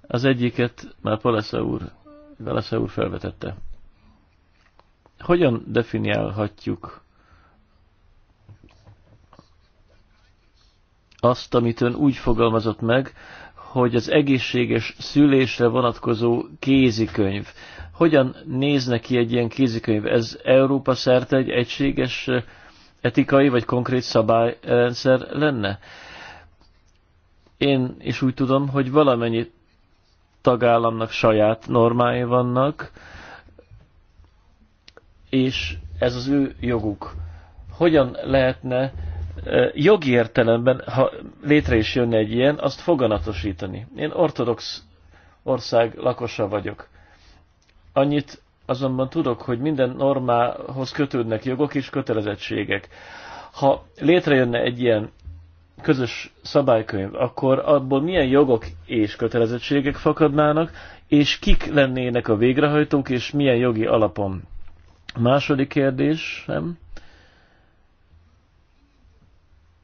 Az egyiket már Palesza úr, Palesza úr felvetette. Hogyan definiálhatjuk azt, amit ön úgy fogalmazott meg, hogy az egészséges szülésre vonatkozó kézikönyv. Hogyan nézne ki egy ilyen kézikönyv? Ez Európa szerte egy egységes eh, etikai vagy konkrét szabályrendszer lenne? Én is úgy tudom, hogy valamennyi tagállamnak saját normái vannak, és ez az ő joguk. Hogyan lehetne jogi értelemben, ha létre is jönne egy ilyen, azt foganatosítani. Én ortodox ország lakosa vagyok. Annyit azonban tudok, hogy minden normához kötődnek jogok és kötelezettségek. Ha létrejönne egy ilyen közös szabálykönyv, akkor abból milyen jogok és kötelezettségek fakadnának, és kik lennének a végrehajtók, és milyen jogi alapon. Második kérdés, nem?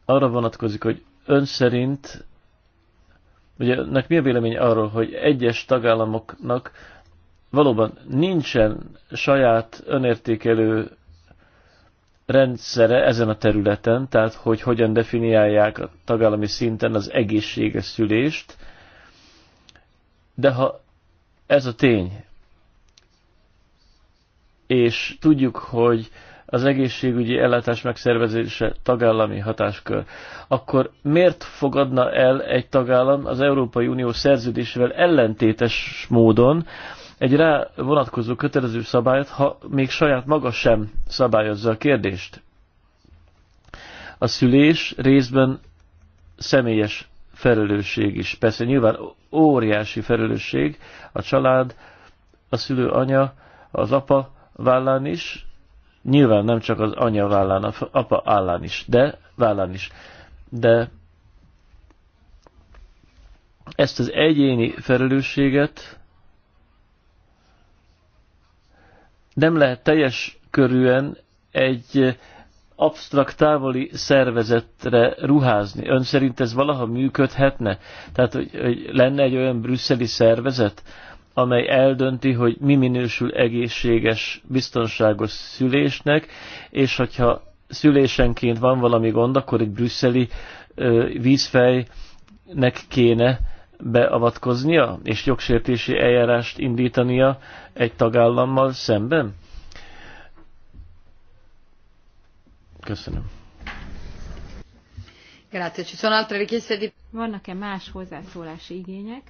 arra vonatkozik, hogy ön szerint, ugye önnek mi a vélemény arról, hogy egyes tagállamoknak valóban nincsen saját önértékelő rendszere ezen a területen, tehát hogy hogyan definiálják a tagállami szinten az egészséges szülést, de ha ez a tény, és tudjuk, hogy az egészségügyi ellátás megszervezése tagállami hatáskör, akkor miért fogadna el egy tagállam az Európai Unió szerződésével ellentétes módon egy rá vonatkozó kötelező szabályt, ha még saját maga sem szabályozza a kérdést? A szülés részben személyes felelősség is. Persze nyilván óriási felelősség a család, a szülő anya, az apa vállán is, Nyilván nem csak az anya vállán, a apa állán is, de vállán is. De ezt az egyéni felelősséget nem lehet teljes körűen egy absztrakt távoli szervezetre ruházni. Ön szerint ez valaha működhetne? Tehát, hogy, hogy lenne egy olyan brüsszeli szervezet, amely eldönti, hogy mi minősül egészséges, biztonságos szülésnek, és hogyha szülésenként van valami gond, akkor egy brüsszeli ö, vízfejnek kéne beavatkoznia, és jogsértési eljárást indítania egy tagállammal szemben? Köszönöm. Grazie. Ci sono altre richieste di... Vannak-e más hozzászólási igények?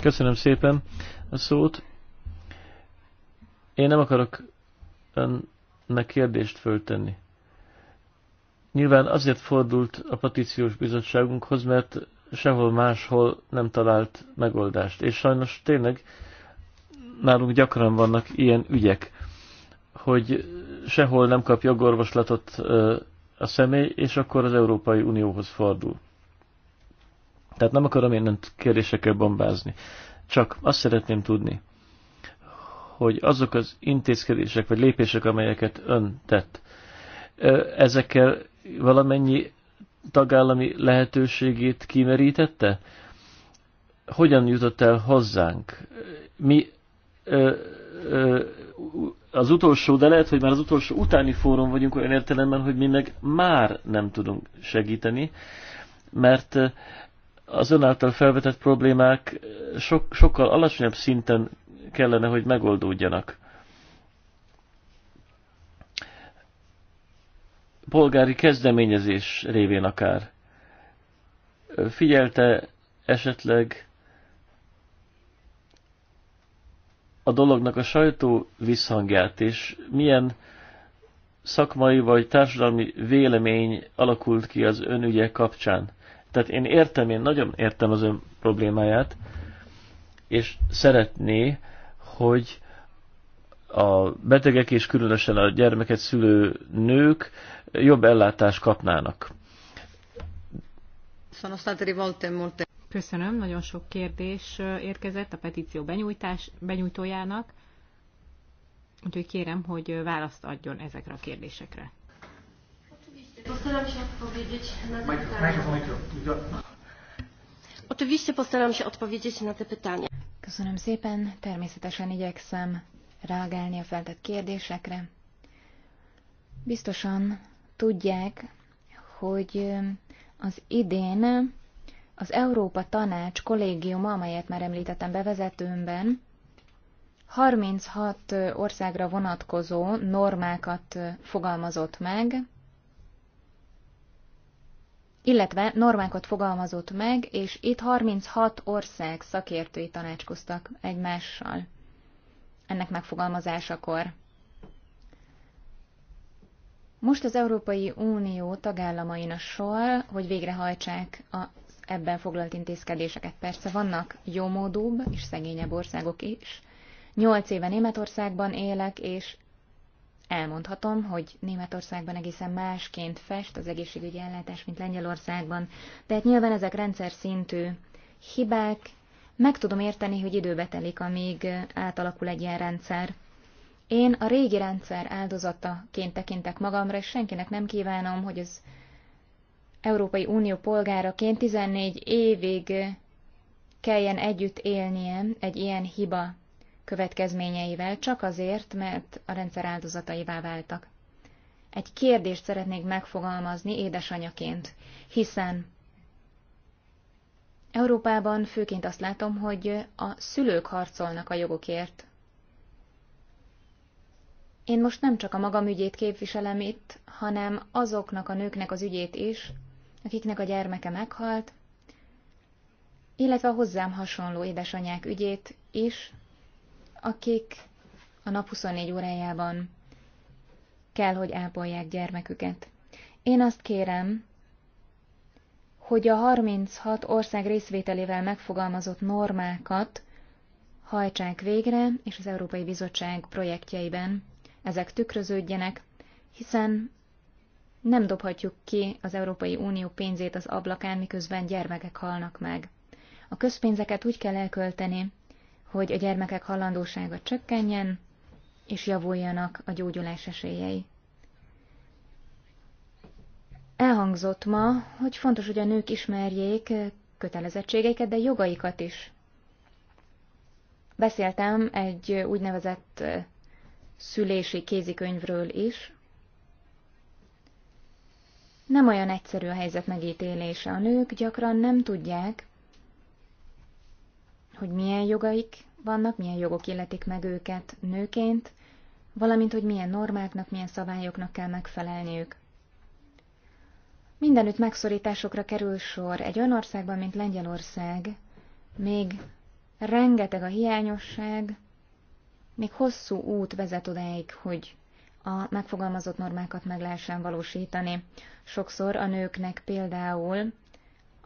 Köszönöm szépen a szót. Én nem akarok önnek kérdést föltenni. Nyilván azért fordult a petíciós bizottságunkhoz, mert sehol máshol nem talált megoldást. És sajnos tényleg nálunk gyakran vannak ilyen ügyek, hogy sehol nem kap jogorvoslatot a személy, és akkor az Európai Unióhoz fordul. Tehát nem akarom én kérdésekkel bombázni. Csak azt szeretném tudni, hogy azok az intézkedések vagy lépések, amelyeket ön tett, ezekkel valamennyi tagállami lehetőségét kimerítette? Hogyan jutott el hozzánk? Mi az utolsó, de lehet, hogy már az utolsó utáni fórum vagyunk olyan értelemben, hogy mi meg már nem tudunk segíteni, mert az által felvetett problémák sok, sokkal alacsonyabb szinten kellene, hogy megoldódjanak. Polgári kezdeményezés révén akár. Figyelte esetleg a dolognak a sajtó visszhangját, és milyen szakmai vagy társadalmi vélemény alakult ki az önügye kapcsán. Tehát én értem, én nagyon értem az ön problémáját, és szeretné, hogy a betegek és különösen a gyermeket szülő nők jobb ellátást kapnának. Köszönöm, nagyon sok kérdés érkezett a petíció benyújtás, benyújtójának, úgyhogy kérem, hogy választ adjon ezekre a kérdésekre. Postaram się odpowiedzieć na te pytania. Oczywiście postaram się odpowiedzieć na te pytania. Köszönöm szépen, természetesen igyekszem reagálni a feltett kérdésekre. Biztosan tudják, hogy eh, az idén az Európa Tanács kollégiuma, amelyet már említettem bevezetőmben, 36 eh, országra vonatkozó normákat eh, fogalmazott meg, illetve normákat fogalmazott meg, és itt 36 ország szakértői tanácskoztak egymással ennek megfogalmazásakor. Most az Európai Unió tagállamain a sor, hogy végrehajtsák a ebben foglalt intézkedéseket. Persze vannak jómódúbb és szegényebb országok is. Nyolc éve Németországban élek, és elmondhatom, hogy Németországban egészen másként fest az egészségügyi ellátás, mint Lengyelországban. Tehát nyilván ezek rendszer szintű hibák. Meg tudom érteni, hogy időbe telik, amíg átalakul egy ilyen rendszer. Én a régi rendszer áldozataként tekintek magamra, és senkinek nem kívánom, hogy az Európai Unió polgáraként 14 évig kelljen együtt élnie egy ilyen hiba következményeivel, csak azért, mert a rendszer áldozataivá váltak. Egy kérdést szeretnék megfogalmazni édesanyaként, hiszen Európában főként azt látom, hogy a szülők harcolnak a jogokért. Én most nem csak a magam ügyét képviselem itt, hanem azoknak a nőknek az ügyét is, akiknek a gyermeke meghalt, illetve a hozzám hasonló édesanyák ügyét is, akik a nap 24 órájában kell, hogy ápolják gyermeküket. Én azt kérem, hogy a 36 ország részvételével megfogalmazott normákat hajtsák végre, és az Európai Bizottság projektjeiben ezek tükröződjenek, hiszen nem dobhatjuk ki az Európai Unió pénzét az ablakán, miközben gyermekek halnak meg. A közpénzeket úgy kell elkölteni, hogy a gyermekek halandósága csökkenjen, és javuljanak a gyógyulás esélyei. Elhangzott ma, hogy fontos, hogy a nők ismerjék kötelezettségeiket, de jogaikat is. Beszéltem egy úgynevezett szülési kézikönyvről is. Nem olyan egyszerű a helyzet megítélése. A nők gyakran nem tudják, hogy milyen jogaik vannak, milyen jogok illetik meg őket nőként, valamint hogy milyen normáknak, milyen szabályoknak kell megfelelniük. Mindenütt megszorításokra kerül sor. Egy olyan országban, mint Lengyelország, még rengeteg a hiányosság, még hosszú út vezet odáig, hogy a megfogalmazott normákat meg lehessen valósítani. Sokszor a nőknek például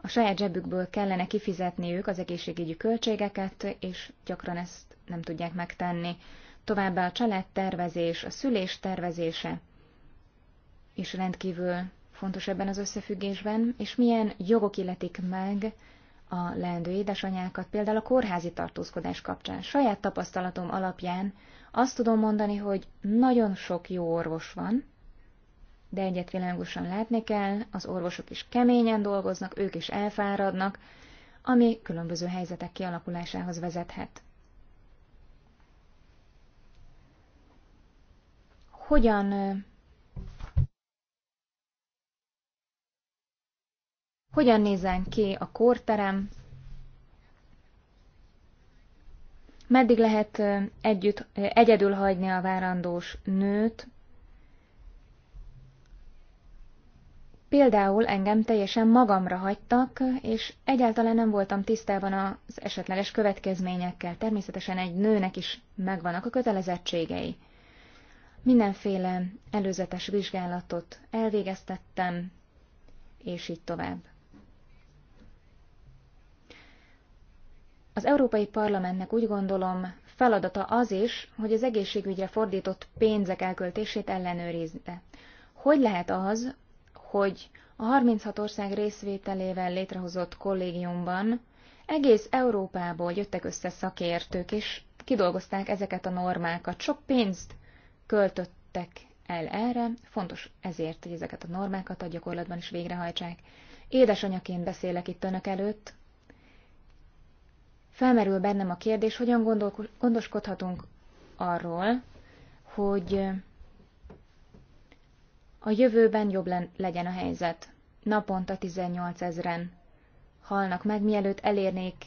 a saját zsebükből kellene kifizetni ők az egészségügyi költségeket, és gyakran ezt nem tudják megtenni. Továbbá a családtervezés, a szülés tervezése is rendkívül fontos ebben az összefüggésben, és milyen jogok illetik meg a leendő édesanyákat, például a kórházi tartózkodás kapcsán. Saját tapasztalatom alapján azt tudom mondani, hogy nagyon sok jó orvos van, de egyet világosan látni kell, az orvosok is keményen dolgoznak, ők is elfáradnak, ami különböző helyzetek kialakulásához vezethet. Hogyan Hogyan nézzen ki a kórterem? Meddig lehet együtt, egyedül hagyni a várandós nőt? Például engem teljesen magamra hagytak, és egyáltalán nem voltam tisztában az esetleges következményekkel. Természetesen egy nőnek is megvannak a kötelezettségei. Mindenféle előzetes vizsgálatot elvégeztettem, és így tovább. Az Európai Parlamentnek úgy gondolom feladata az is, hogy az egészségügyre fordított pénzek elköltését ellenőrizze. Hogy lehet az, hogy a 36 ország részvételével létrehozott kollégiumban egész Európából jöttek össze szakértők, és kidolgozták ezeket a normákat. Sok pénzt költöttek el erre, fontos ezért, hogy ezeket a normákat a gyakorlatban is végrehajtsák. Édesanyaként beszélek itt önök előtt. Felmerül bennem a kérdés, hogyan gondoskodhatunk arról, hogy a jövőben jobb legyen a helyzet. Naponta 18 ezren halnak meg, mielőtt elérnék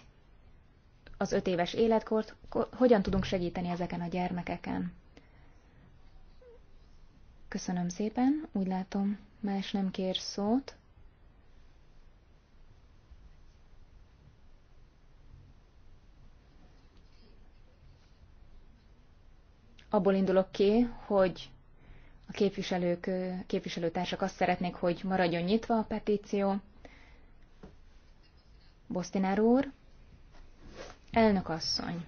az öt éves életkort, hogyan tudunk segíteni ezeken a gyermekeken. Köszönöm szépen, úgy látom, más nem kér szót. Abból indulok ki, hogy a képviselők, képviselőtársak azt szeretnék, hogy maradjon nyitva a petíció. Bosztinár úr, elnök asszony,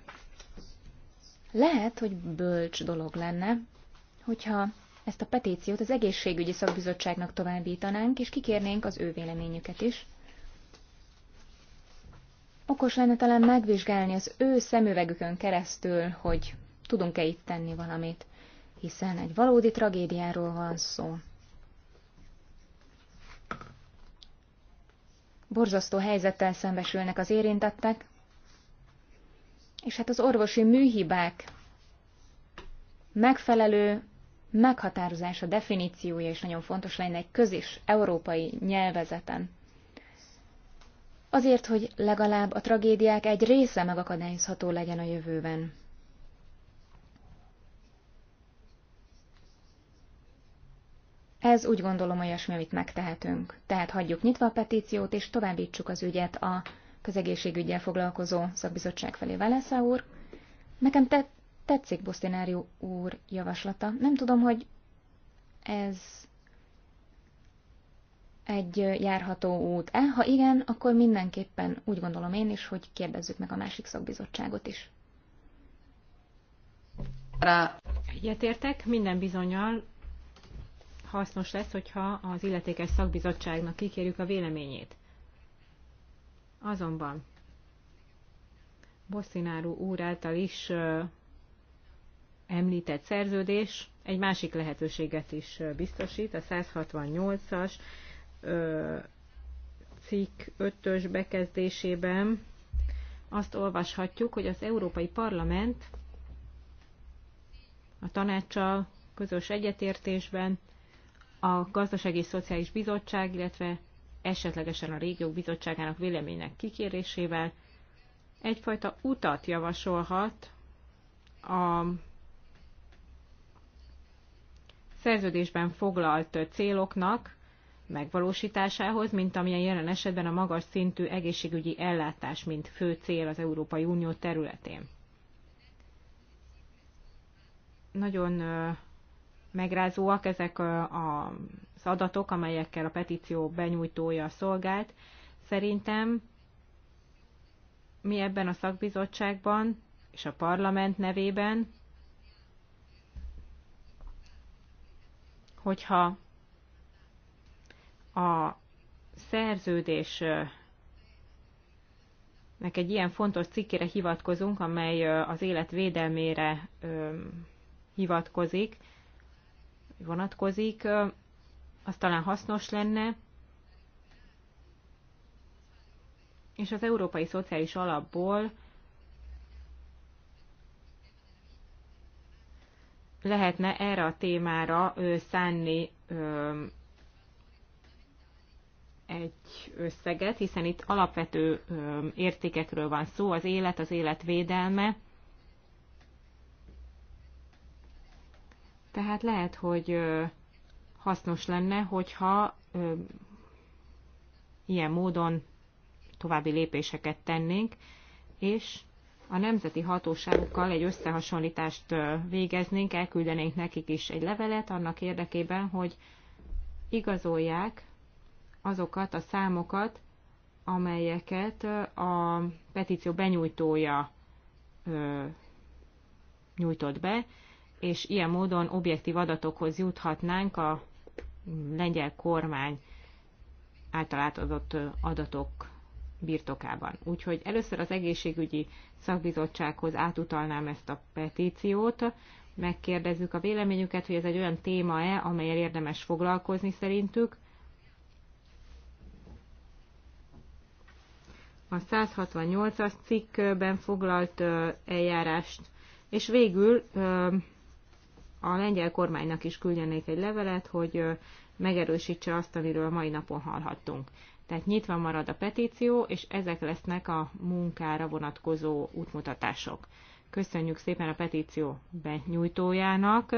lehet, hogy bölcs dolog lenne, hogyha ezt a petíciót az egészségügyi szakbizottságnak továbbítanánk, és kikérnénk az ő véleményüket is. Okos lenne talán megvizsgálni az ő szemüvegükön keresztül, hogy tudunk-e itt tenni valamit hiszen egy valódi tragédiáról van szó. Borzasztó helyzettel szembesülnek az érintettek, és hát az orvosi műhibák megfelelő meghatározása, definíciója is nagyon fontos lenne egy közis európai nyelvezeten. Azért, hogy legalább a tragédiák egy része megakadályozható legyen a jövőben. Ez úgy gondolom olyasmi, amit megtehetünk. Tehát hagyjuk nyitva a petíciót, és továbbítsuk az ügyet a közegészségügyel foglalkozó szakbizottság felé Velesza úr. Nekem te tetszik Bosztinárió úr javaslata. Nem tudom, hogy ez egy járható út-e? Ha igen, akkor mindenképpen úgy gondolom én is, hogy kérdezzük meg a másik szakbizottságot is. Egyetértek, minden bizonyal hasznos lesz, hogyha az illetékes szakbizottságnak kikérjük a véleményét. Azonban Bosszináru úr által is említett szerződés egy másik lehetőséget is biztosít, a 168-as cikk 5-ös bekezdésében azt olvashatjuk, hogy az Európai Parlament a tanácssal közös egyetértésben a Gazdasági és Szociális Bizottság, illetve esetlegesen a Régiók Bizottságának véleménynek kikérésével egyfajta utat javasolhat a szerződésben foglalt céloknak megvalósításához, mint amilyen jelen esetben a magas szintű egészségügyi ellátás, mint fő cél az Európai Unió területén. Nagyon megrázóak ezek az adatok, amelyekkel a petíció benyújtója szolgált. Szerintem mi ebben a szakbizottságban és a parlament nevében, hogyha a Nek egy ilyen fontos cikkére hivatkozunk, amely az élet védelmére hivatkozik, vonatkozik, az talán hasznos lenne, és az Európai Szociális Alapból lehetne erre a témára szánni egy összeget, hiszen itt alapvető értékekről van szó, az élet, az életvédelme, Tehát lehet, hogy hasznos lenne, hogyha ilyen módon további lépéseket tennénk, és a nemzeti hatóságokkal egy összehasonlítást végeznénk, elküldenénk nekik is egy levelet annak érdekében, hogy igazolják azokat a számokat, amelyeket a petíció benyújtója nyújtott be, és ilyen módon objektív adatokhoz juthatnánk a lengyel kormány által átadott adatok birtokában. Úgyhogy először az egészségügyi szakbizottsághoz átutalnám ezt a petíciót, megkérdezzük a véleményüket, hogy ez egy olyan téma-e, amelyel érdemes foglalkozni szerintük. A 168-as cikkben foglalt eljárást, és végül a lengyel kormánynak is küldjenék egy levelet, hogy megerősítse azt, amiről mai napon hallhattunk. Tehát nyitva marad a petíció, és ezek lesznek a munkára vonatkozó útmutatások. Köszönjük szépen a petíció benyújtójának,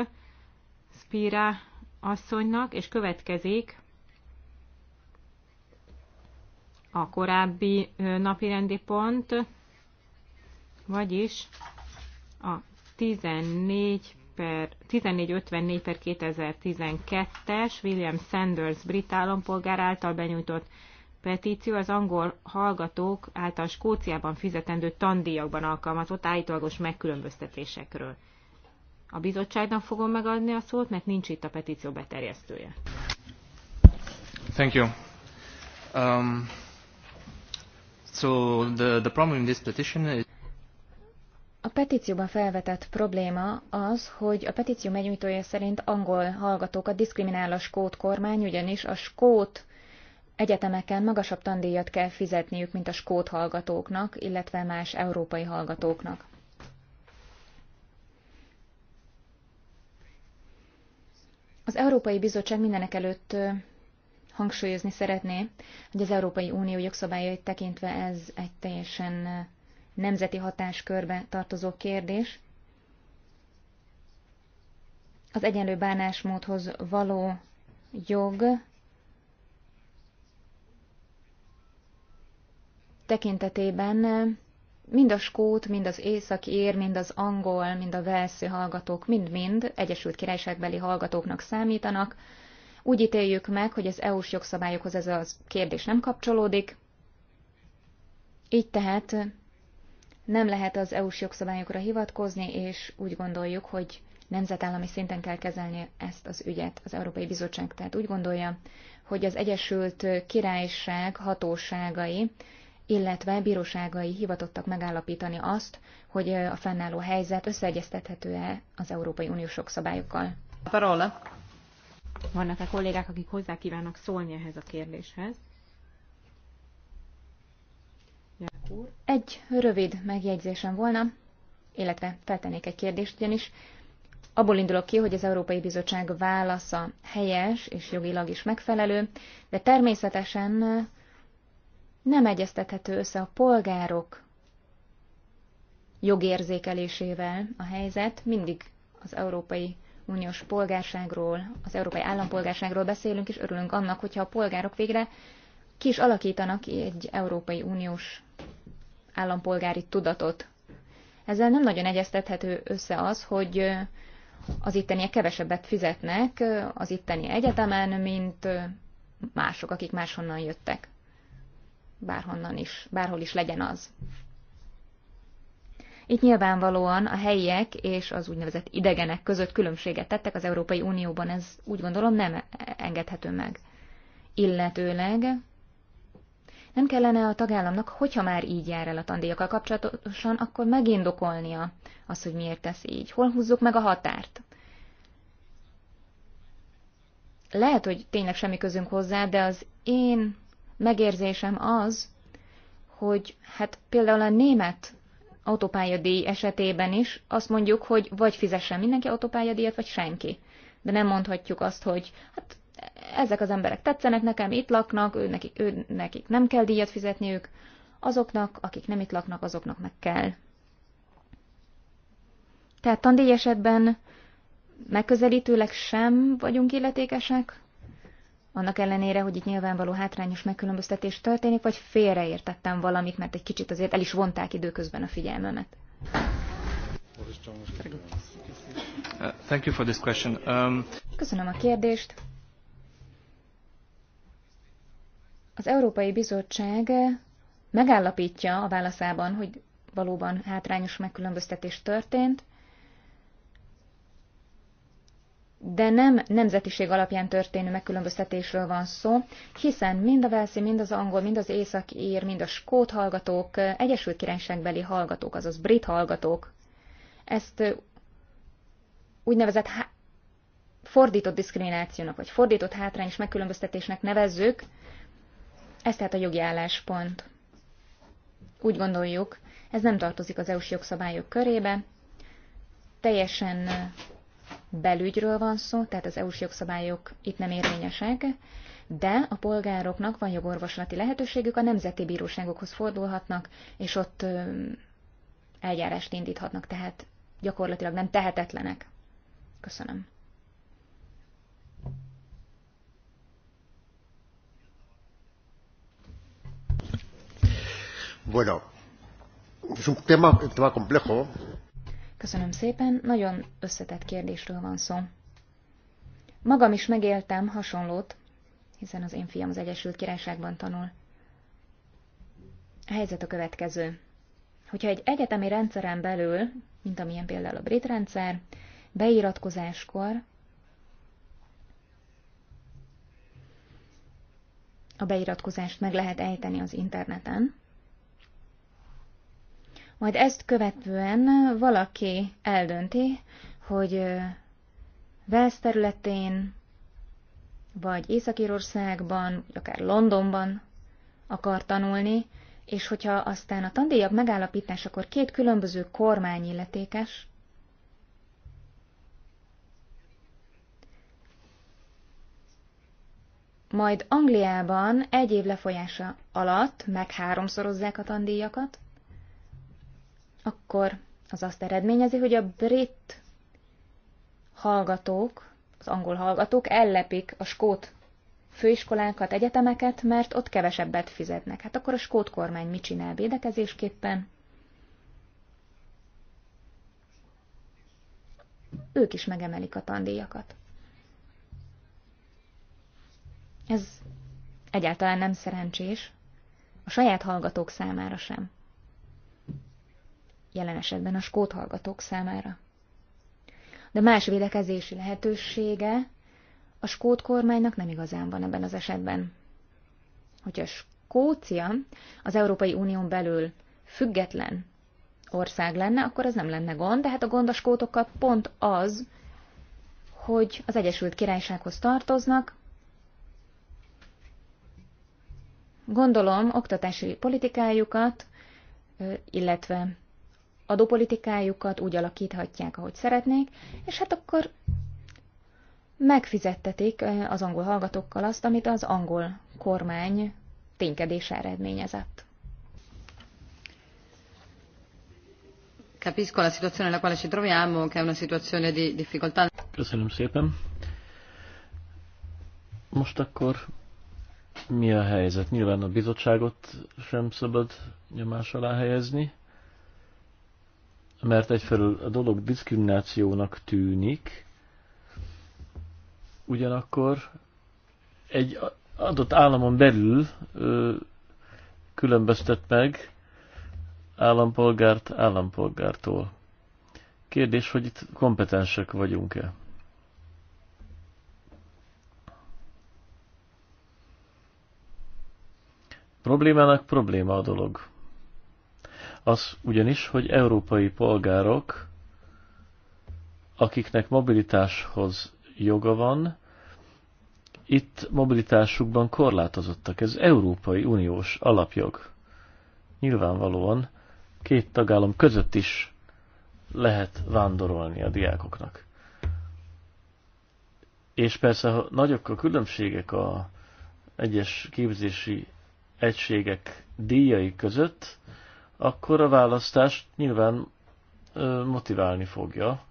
Spira asszonynak, és következik a korábbi napirendi pont, vagyis a 14 per 1454 per 2012-es William Sanders brit állampolgár által benyújtott petíció az angol hallgatók által Skóciában fizetendő tandíjakban alkalmazott állítólagos megkülönböztetésekről. A bizottságnak fogom megadni a szót, mert nincs itt a petíció beterjesztője. Thank you. Um, so the, the problem in this petition is a petícióban felvetett probléma az, hogy a petíció megnyújtója szerint angol hallgatókat diszkriminál a skót kormány, ugyanis a skót egyetemeken magasabb tandíjat kell fizetniük, mint a skót hallgatóknak, illetve más európai hallgatóknak. Az Európai Bizottság mindenek előtt hangsúlyozni szeretné, hogy az Európai Unió jogszabályait tekintve ez egy teljesen nemzeti hatáskörbe tartozó kérdés. Az egyenlő bánásmódhoz való jog tekintetében mind a skót, mind az észak-ér, mind az angol, mind a velszi hallgatók mind-mind Egyesült Királyságbeli hallgatóknak számítanak. Úgy ítéljük meg, hogy az EU-s jogszabályokhoz ez a kérdés nem kapcsolódik. Így tehát nem lehet az EU-s jogszabályokra hivatkozni, és úgy gondoljuk, hogy nemzetállami szinten kell kezelni ezt az ügyet. Az Európai Bizottság tehát úgy gondolja, hogy az Egyesült Királyság hatóságai, illetve bíróságai hivatottak megállapítani azt, hogy a fennálló helyzet összeegyeztethető-e az Európai Uniós jogszabályokkal. Parola. Vannak-e kollégák, akik hozzá kívánnak szólni ehhez a kérdéshez? Egy rövid megjegyzésem volna, illetve feltennék egy kérdést, ugyanis abból indulok ki, hogy az Európai Bizottság válasza helyes és jogilag is megfelelő, de természetesen nem egyeztethető össze a polgárok jogérzékelésével a helyzet. Mindig az Európai Uniós polgárságról, az európai állampolgárságról beszélünk, és örülünk annak, hogyha a polgárok végre ki is alakítanak egy Európai Uniós állampolgári tudatot. Ezzel nem nagyon egyeztethető össze az, hogy az itteniek kevesebbet fizetnek az itteni egyetemen, mint mások, akik máshonnan jöttek. Bárhonnan is, bárhol is legyen az. Itt nyilvánvalóan a helyiek és az úgynevezett idegenek között különbséget tettek az Európai Unióban, ez úgy gondolom nem engedhető meg. Illetőleg nem kellene a tagállamnak, hogyha már így jár el a tandíjakkal kapcsolatosan, akkor megindokolnia azt, hogy miért tesz így. Hol húzzuk meg a határt? Lehet, hogy tényleg semmi közünk hozzá, de az én megérzésem az, hogy hát például a német autópályadíj esetében is azt mondjuk, hogy vagy fizessen mindenki autópályadíjat, vagy senki. De nem mondhatjuk azt, hogy hát ezek az emberek tetszenek nekem, itt laknak, ő nekik, ő, nekik nem kell díjat fizetniük, azoknak, akik nem itt laknak, azoknak meg kell. Tehát tandíj esetben megközelítőleg sem vagyunk illetékesek, annak ellenére, hogy itt nyilvánvaló hátrányos megkülönböztetés történik, vagy félreértettem valamit, mert egy kicsit azért el is vonták időközben a figyelmemet. Um, Köszönöm a kérdést. Az Európai Bizottság megállapítja a válaszában, hogy valóban hátrányos megkülönböztetés történt, de nem nemzetiség alapján történő megkülönböztetésről van szó, hiszen mind a velszi, mind az angol, mind az északír, mind a skót hallgatók, Egyesült Királyságbeli hallgatók, azaz brit hallgatók, ezt úgynevezett há- fordított diszkriminációnak, vagy fordított hátrányos megkülönböztetésnek nevezzük, ez tehát a jogi álláspont. Úgy gondoljuk, ez nem tartozik az EU-s jogszabályok körébe, teljesen belügyről van szó, tehát az EU-s jogszabályok itt nem érvényesek, de a polgároknak van jogorvoslati lehetőségük, a nemzeti bíróságokhoz fordulhatnak, és ott eljárást indíthatnak, tehát gyakorlatilag nem tehetetlenek. Köszönöm. Bueno, es un tema, un tema complejo. Köszönöm szépen, nagyon összetett kérdésről van szó. Magam is megéltem hasonlót, hiszen az én fiam az Egyesült Királyságban tanul. A helyzet a következő. Hogyha egy egyetemi rendszeren belül, mint amilyen például a brit rendszer, beiratkozáskor a beiratkozást meg lehet ejteni az interneten, majd ezt követően valaki eldönti, hogy Velsz területén, vagy Észak-Írországban, akár Londonban akar tanulni, és hogyha aztán a tandíjak akkor két különböző kormány illetékes, majd Angliában egy év lefolyása alatt megháromszorozzák a tandíjakat, akkor az azt eredményezi, hogy a brit hallgatók, az angol hallgatók ellepik a skót főiskolákat, egyetemeket, mert ott kevesebbet fizetnek. Hát akkor a skót kormány mit csinál védekezésképpen? Ők is megemelik a tandíjakat. Ez egyáltalán nem szerencsés, a saját hallgatók számára sem jelen esetben a skót hallgatók számára. De más védekezési lehetősége a skót kormánynak nem igazán van ebben az esetben. Hogyha Skócia az Európai Unión belül független ország lenne, akkor ez nem lenne gond, de hát a gond a skótokkal pont az, hogy az Egyesült Királysághoz tartoznak, gondolom oktatási politikájukat, illetve adópolitikájukat úgy alakíthatják, ahogy szeretnék, és hát akkor megfizettetik az angol hallgatókkal azt, amit az angol kormány ténykedése eredményezett. Capisco la situazione nella quale ci troviamo, che è una situazione di difficoltà. Köszönöm szépen. Most akkor mi a helyzet? Nyilván a bizottságot sem szabad nyomás alá helyezni mert egyfelől a dolog diszkriminációnak tűnik, ugyanakkor egy adott államon belül ö, különböztet meg állampolgárt állampolgártól. Kérdés, hogy itt kompetensek vagyunk-e? Problémának probléma a dolog az ugyanis, hogy európai polgárok, akiknek mobilitáshoz joga van, itt mobilitásukban korlátozottak. Ez Európai Uniós alapjog. Nyilvánvalóan két tagállam között is lehet vándorolni a diákoknak. És persze, ha nagyok a különbségek a egyes képzési egységek díjai között, akkor a választást nyilván motiválni fogja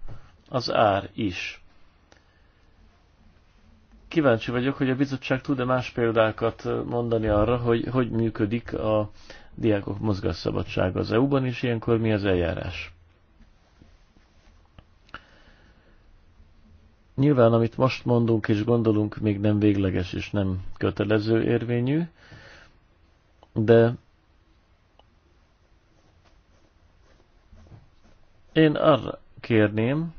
az ár is. Kíváncsi vagyok, hogy a bizottság tud-e más példákat mondani arra, hogy hogy működik a diákok mozgásszabadsága az EU-ban, és ilyenkor mi az eljárás. Nyilván, amit most mondunk és gondolunk, még nem végleges és nem kötelező érvényű, de Én arra kérném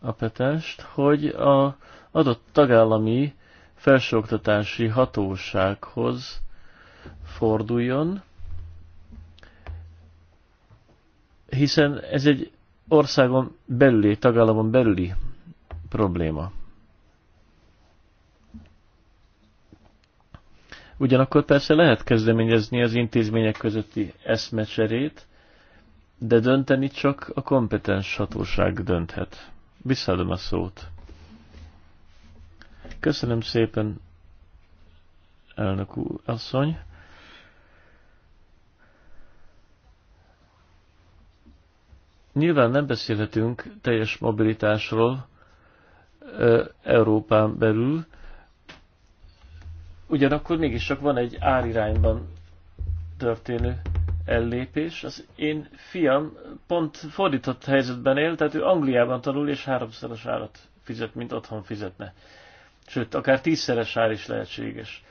a petest, hogy a adott tagállami felsőoktatási hatósághoz forduljon, hiszen ez egy országon belüli, tagállamon belüli probléma. Ugyanakkor persze lehet kezdeményezni az intézmények közötti eszmecserét, de dönteni csak a kompetens hatóság dönthet. Visszaadom a szót. Köszönöm szépen, elnök úr, asszony. Nyilván nem beszélhetünk teljes mobilitásról Európán belül, ugyanakkor mégiscsak van egy árirányban történő ellépés. Az én fiam pont fordított helyzetben él, tehát ő Angliában tanul, és háromszoros árat fizet, mint otthon fizetne. Sőt, akár tízszeres ár is lehetséges.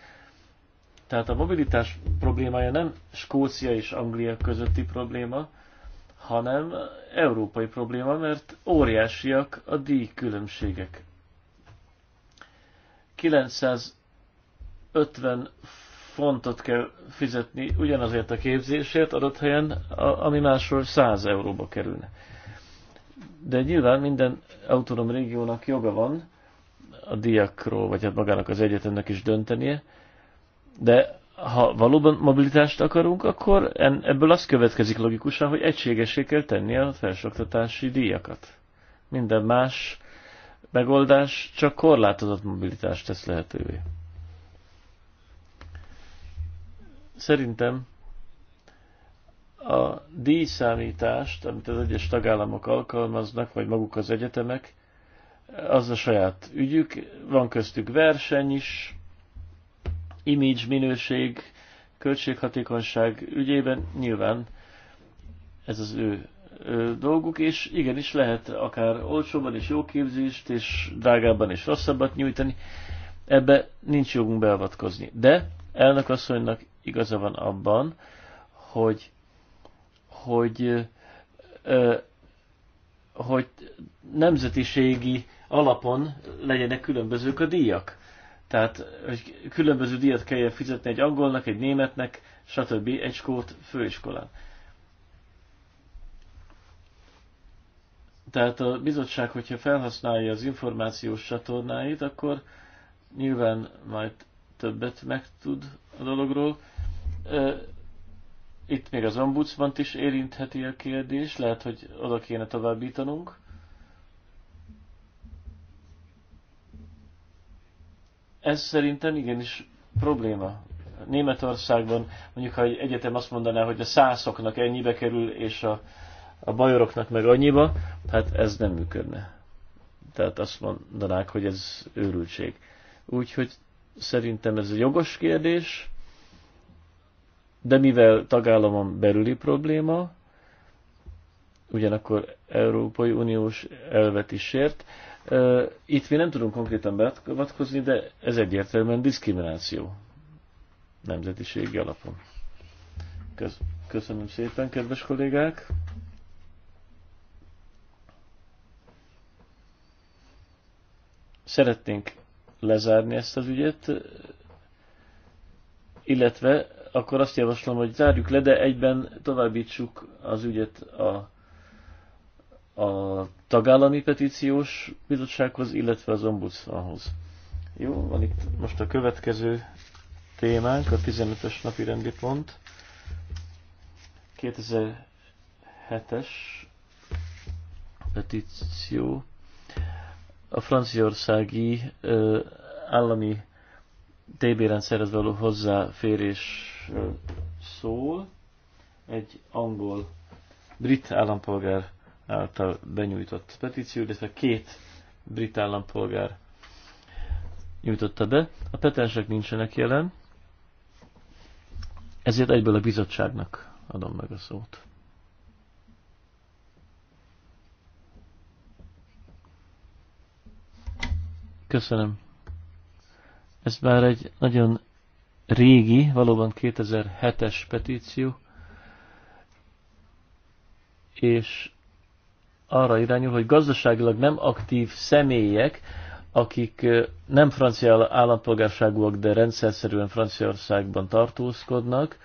Tehát a mobilitás problémája nem Skócia és Anglia közötti probléma, hanem európai probléma, mert óriásiak a díjkülönbségek. 950 fontot kell fizetni ugyanazért a képzésért adott helyen, ami máshol 100 euróba kerülne. De nyilván minden autonóm régiónak joga van a diakról, vagy hát magának az egyetemnek is döntenie, de ha valóban mobilitást akarunk, akkor en ebből az következik logikusan, hogy egységesé kell tenni a felsőoktatási díjakat. Minden más megoldás csak korlátozott mobilitást tesz lehetővé. Szerintem a díjszámítást, amit az egyes tagállamok alkalmaznak, vagy maguk az egyetemek, az a saját ügyük, van köztük verseny is, image, minőség, költséghatékonyság ügyében nyilván ez az ő, ő dolguk, és igenis lehet akár olcsóban és jó képzést, és drágábban és rosszabbat nyújtani, ebbe nincs jogunk beavatkozni. De elnök asszonynak igaza van abban, hogy, hogy, ö, hogy nemzetiségi alapon legyenek különbözők a díjak. Tehát, hogy különböző díjat kelljen fizetni egy angolnak, egy németnek, stb. egy skót főiskolán. Tehát a bizottság, hogyha felhasználja az információs csatornáit, akkor nyilván majd többet megtud a dologról. Itt még az ombudsman is érintheti a kérdés, lehet, hogy oda kéne továbbítanunk. Ez szerintem igenis probléma. Németországban mondjuk, ha egy egyetem azt mondaná, hogy a szászoknak ennyibe kerül, és a, a bajoroknak meg annyiba, hát ez nem működne. Tehát azt mondanák, hogy ez őrültség. Úgyhogy szerintem ez egy jogos kérdés, de mivel tagállamon belüli probléma, ugyanakkor Európai Uniós elvet is sért, itt mi nem tudunk konkrétan beavatkozni, de ez egyértelműen diszkrimináció nemzetiségi alapon. Köszönöm szépen, kedves kollégák! Szeretnénk lezárni ezt az ügyet, illetve akkor azt javaslom, hogy zárjuk le, de egyben továbbítsuk az ügyet a, a tagállami petíciós bizottsághoz, illetve az ombudsmanhoz. Jó, van itt most a következő témánk, a 15-ös napi rendi pont. 2007-es petíció. A franciaországi ö, állami TB rendszerhez való hozzáférés szól, egy angol brit állampolgár által benyújtott petíció, illetve két brit állampolgár nyújtotta be. A petensek nincsenek jelen, ezért egyből a bizottságnak adom meg a szót. Köszönöm. Ez már egy nagyon régi, valóban 2007-es petíció, és arra irányul, hogy gazdaságilag nem aktív személyek, akik nem francia állampolgárságúak, de rendszerszerűen Franciaországban tartózkodnak,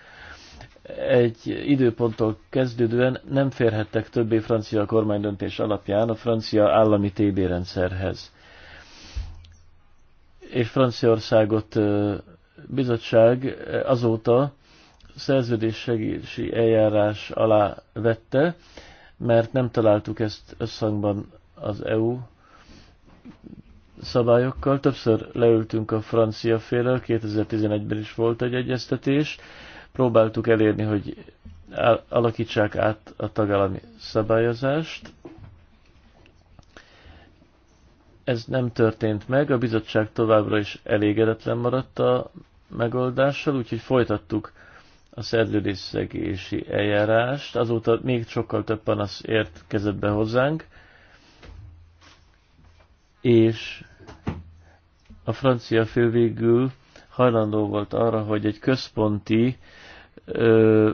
egy időponttól kezdődően nem férhettek többé francia kormánydöntés alapján a francia állami TB rendszerhez. És Franciaországot bizottság eh, azóta szerződéssegési eljárás alá vette, mert nem találtuk ezt összhangban az EU szabályokkal. Többször leültünk a francia félrel, 2011-ben is volt egy egyeztetés, próbáltuk elérni, hogy alakítsák át a tagállami szabályozást, Ez nem történt meg, a bizottság továbbra is elégedetlen maradt a megoldással, úgyhogy folytattuk a szerződésszegési eljárást. Azóta még sokkal több panasz érkezett be hozzánk, és a francia fő végül hajlandó volt arra, hogy egy központi ö,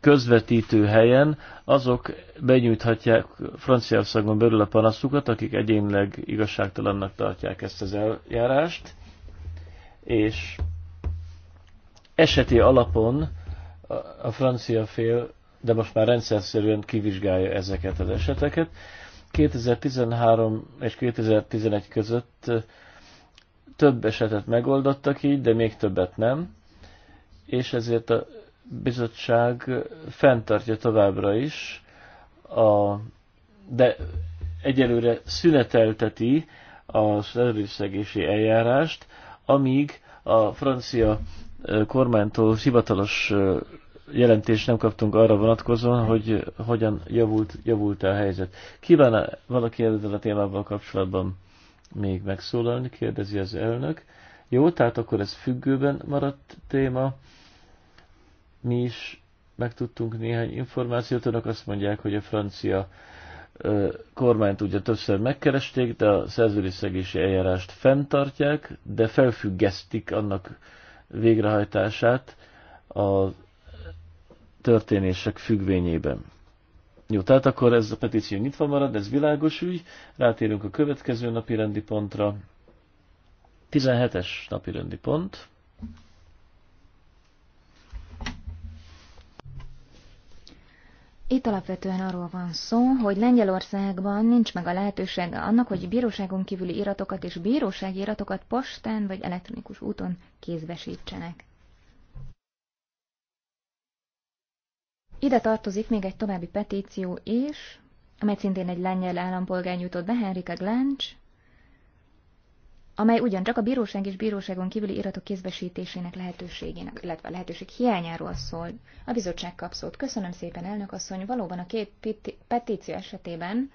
közvetítő helyen azok benyújthatják Franciaországon belül a panaszukat, akik egyénileg igazságtalannak tartják ezt az eljárást, és eseti alapon a francia fél, de most már rendszerszerűen kivizsgálja ezeket az eseteket. 2013 és 2011 között több esetet megoldottak így, de még többet nem, és ezért a bizottság fenntartja továbbra is, a, de egyelőre szünetelteti az előszegési eljárást, amíg a francia kormánytól hivatalos jelentést nem kaptunk arra vonatkozóan, hogy hogyan javult, javult -e a helyzet. Kíván -e valaki ezzel a témával kapcsolatban még megszólalni, kérdezi az elnök. Jó, tehát akkor ez függőben maradt téma mi is megtudtunk néhány információt, önök azt mondják, hogy a francia kormányt ugye többször megkeresték, de a szerződésszegési eljárást fenntartják, de felfüggesztik annak végrehajtását a történések függvényében. Jó, tehát akkor ez a petíció nyitva marad, ez világos ügy. Rátérünk a következő napi rendi pontra. 17-es napi rendi pont. Itt alapvetően arról van szó, hogy Lengyelországban nincs meg a lehetősége annak, hogy bíróságon kívüli iratokat és bírósági iratokat postán vagy elektronikus úton kézbesítsenek. Ide tartozik még egy további petíció is, amely szintén egy lengyel állampolgár nyújtott be, Henrike Glencs, amely ugyancsak a bíróság és bíróságon kívüli iratok kézbesítésének lehetőségének, illetve lehetőség hiányáról szól. A bizottság kap szót. Köszönöm szépen, elnök asszony. Valóban a két petíció esetében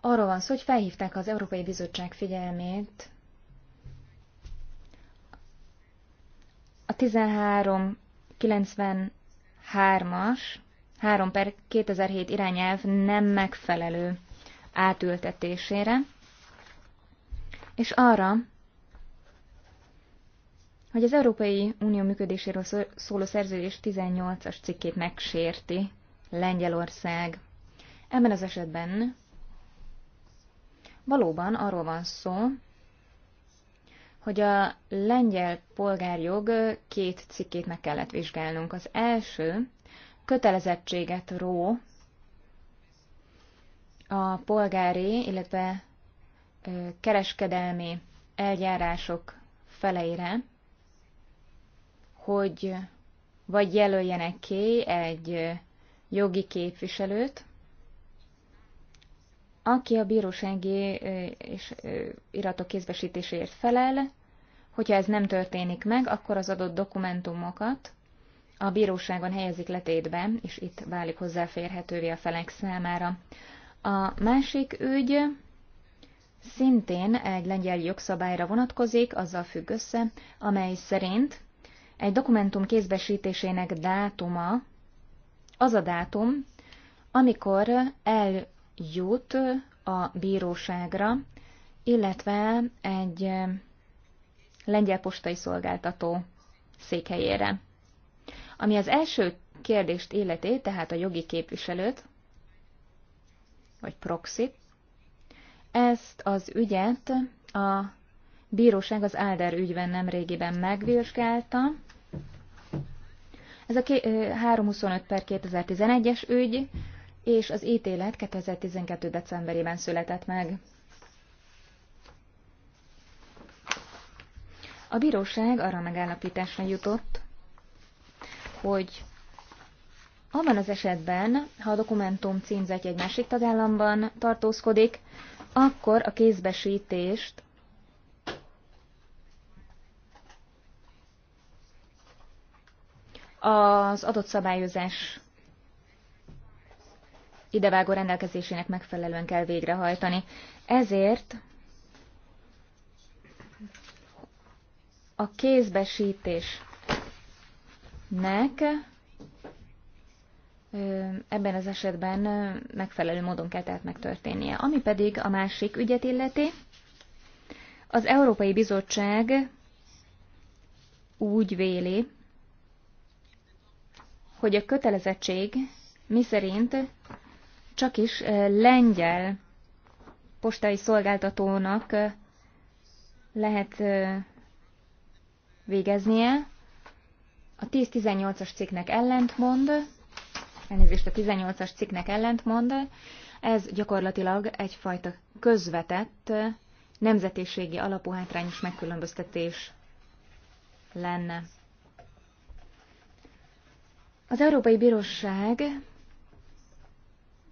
arról van szó, hogy felhívták az Európai Bizottság figyelmét a 1393-as 3 per 2007 irányelv nem megfelelő átültetésére és arra, hogy az Európai Unió működéséről szóló szerződés 18-as cikkét megsérti Lengyelország. Ebben az esetben valóban arról van szó, hogy a lengyel polgárjog két cikkét meg kellett vizsgálnunk. Az első kötelezettséget ró a polgári, illetve kereskedelmi eljárások feleire, hogy vagy jelöljenek ki egy jogi képviselőt, aki a bírósági és iratok kézbesítéséért felel, hogyha ez nem történik meg, akkor az adott dokumentumokat a bíróságon helyezik letétbe, és itt válik hozzáférhetővé a felek számára. A másik ügy szintén egy lengyel jogszabályra vonatkozik, azzal függ össze, amely szerint egy dokumentum kézbesítésének dátuma az a dátum, amikor eljut a bíróságra, illetve egy lengyel postai szolgáltató székhelyére. Ami az első kérdést illeti, tehát a jogi képviselőt, vagy proxit, ezt az ügyet a bíróság az Álder ügyben nemrégiben megvizsgálta. Ez a 325 per 2011-es ügy, és az ítélet 2012. decemberében született meg. A bíróság arra megállapításra jutott, hogy abban az esetben, ha a dokumentum címzett egy másik tagállamban tartózkodik, akkor a kézbesítést az adott szabályozás idevágó rendelkezésének megfelelően kell végrehajtani. Ezért a kézbesítésnek ebben az esetben megfelelő módon kell tehát megtörténnie. Ami pedig a másik ügyet illeti, az Európai Bizottság úgy véli, hogy a kötelezettség miszerint csak is lengyel postai szolgáltatónak lehet végeznie, a 10-18-as cikknek ellentmond, elnézést a 18-as cikknek ellentmond, ez gyakorlatilag egyfajta közvetett nemzetiségi alapú hátrányos megkülönböztetés lenne. Az Európai Bíróság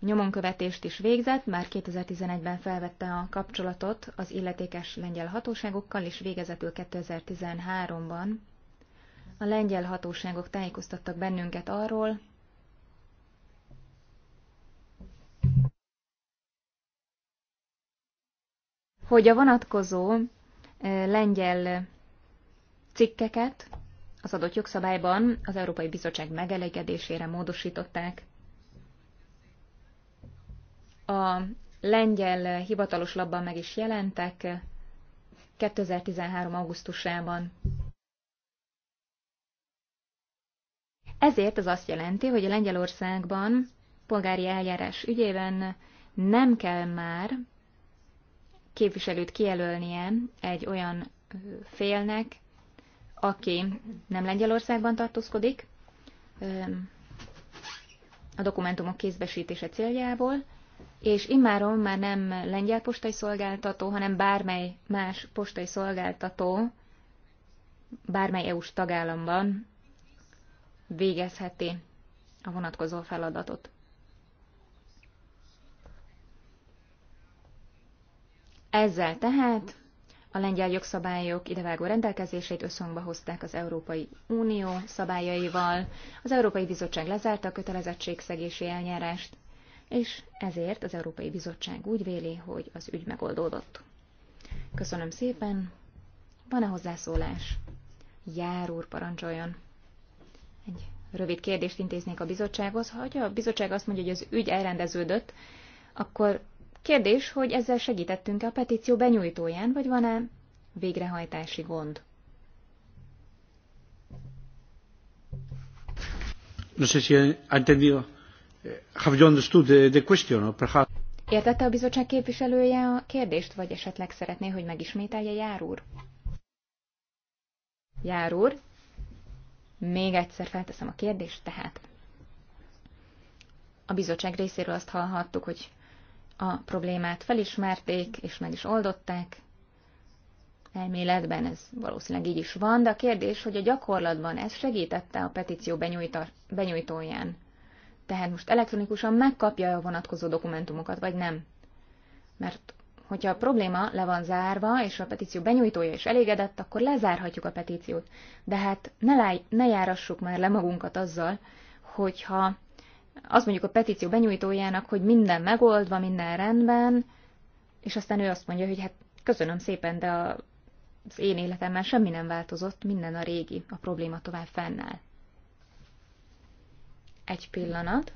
nyomonkövetést is végzett, már 2011-ben felvette a kapcsolatot az illetékes lengyel hatóságokkal, és végezetül 2013-ban a lengyel hatóságok tájékoztattak bennünket arról, hogy a vonatkozó lengyel cikkeket az adott jogszabályban az Európai Bizottság megelégedésére módosították. A lengyel hivatalos labban meg is jelentek 2013. augusztusában. Ezért ez azt jelenti, hogy a Lengyelországban polgári eljárás ügyében nem kell már képviselőt kijelölnie egy olyan félnek, aki nem Lengyelországban tartózkodik, a dokumentumok kézbesítése céljából, és immáron már nem lengyel postai szolgáltató, hanem bármely más postai szolgáltató bármely EU-s tagállamban végezheti a vonatkozó feladatot. Ezzel tehát a lengyel jogszabályok idevágó rendelkezését összhangba hozták az Európai Unió szabályaival, az Európai Bizottság lezárta a kötelezettségszegési eljárást, és ezért az Európai Bizottság úgy véli, hogy az ügy megoldódott. Köszönöm szépen. Van-e hozzászólás? Jár úr, parancsoljon. Egy rövid kérdést intéznék a bizottsághoz. Ha a bizottság azt mondja, hogy az ügy elrendeződött, akkor Kérdés, hogy ezzel segítettünk-e a petíció benyújtóján, vagy van-e végrehajtási gond? No sé si ha entendido. Have you understood the, the question, or perhaps... Értette a bizottság képviselője a kérdést, vagy esetleg szeretné, hogy megismételje Jár úr? Jár úr, még egyszer felteszem a kérdést, tehát a bizottság részéről azt hallhattuk, hogy a problémát felismerték, és meg is oldották. Elméletben ez valószínűleg így is van, de a kérdés, hogy a gyakorlatban ez segítette a petíció benyújtóján. Tehát most elektronikusan megkapja a vonatkozó dokumentumokat, vagy nem. Mert hogyha a probléma le van zárva, és a petíció benyújtója is elégedett, akkor lezárhatjuk a petíciót. De hát ne, láj, ne járassuk már le magunkat azzal, hogyha azt mondjuk a petíció benyújtójának, hogy minden megoldva, minden rendben, és aztán ő azt mondja, hogy hát köszönöm szépen, de az én életemben semmi nem változott, minden a régi, a probléma tovább fennáll. Egy pillanat.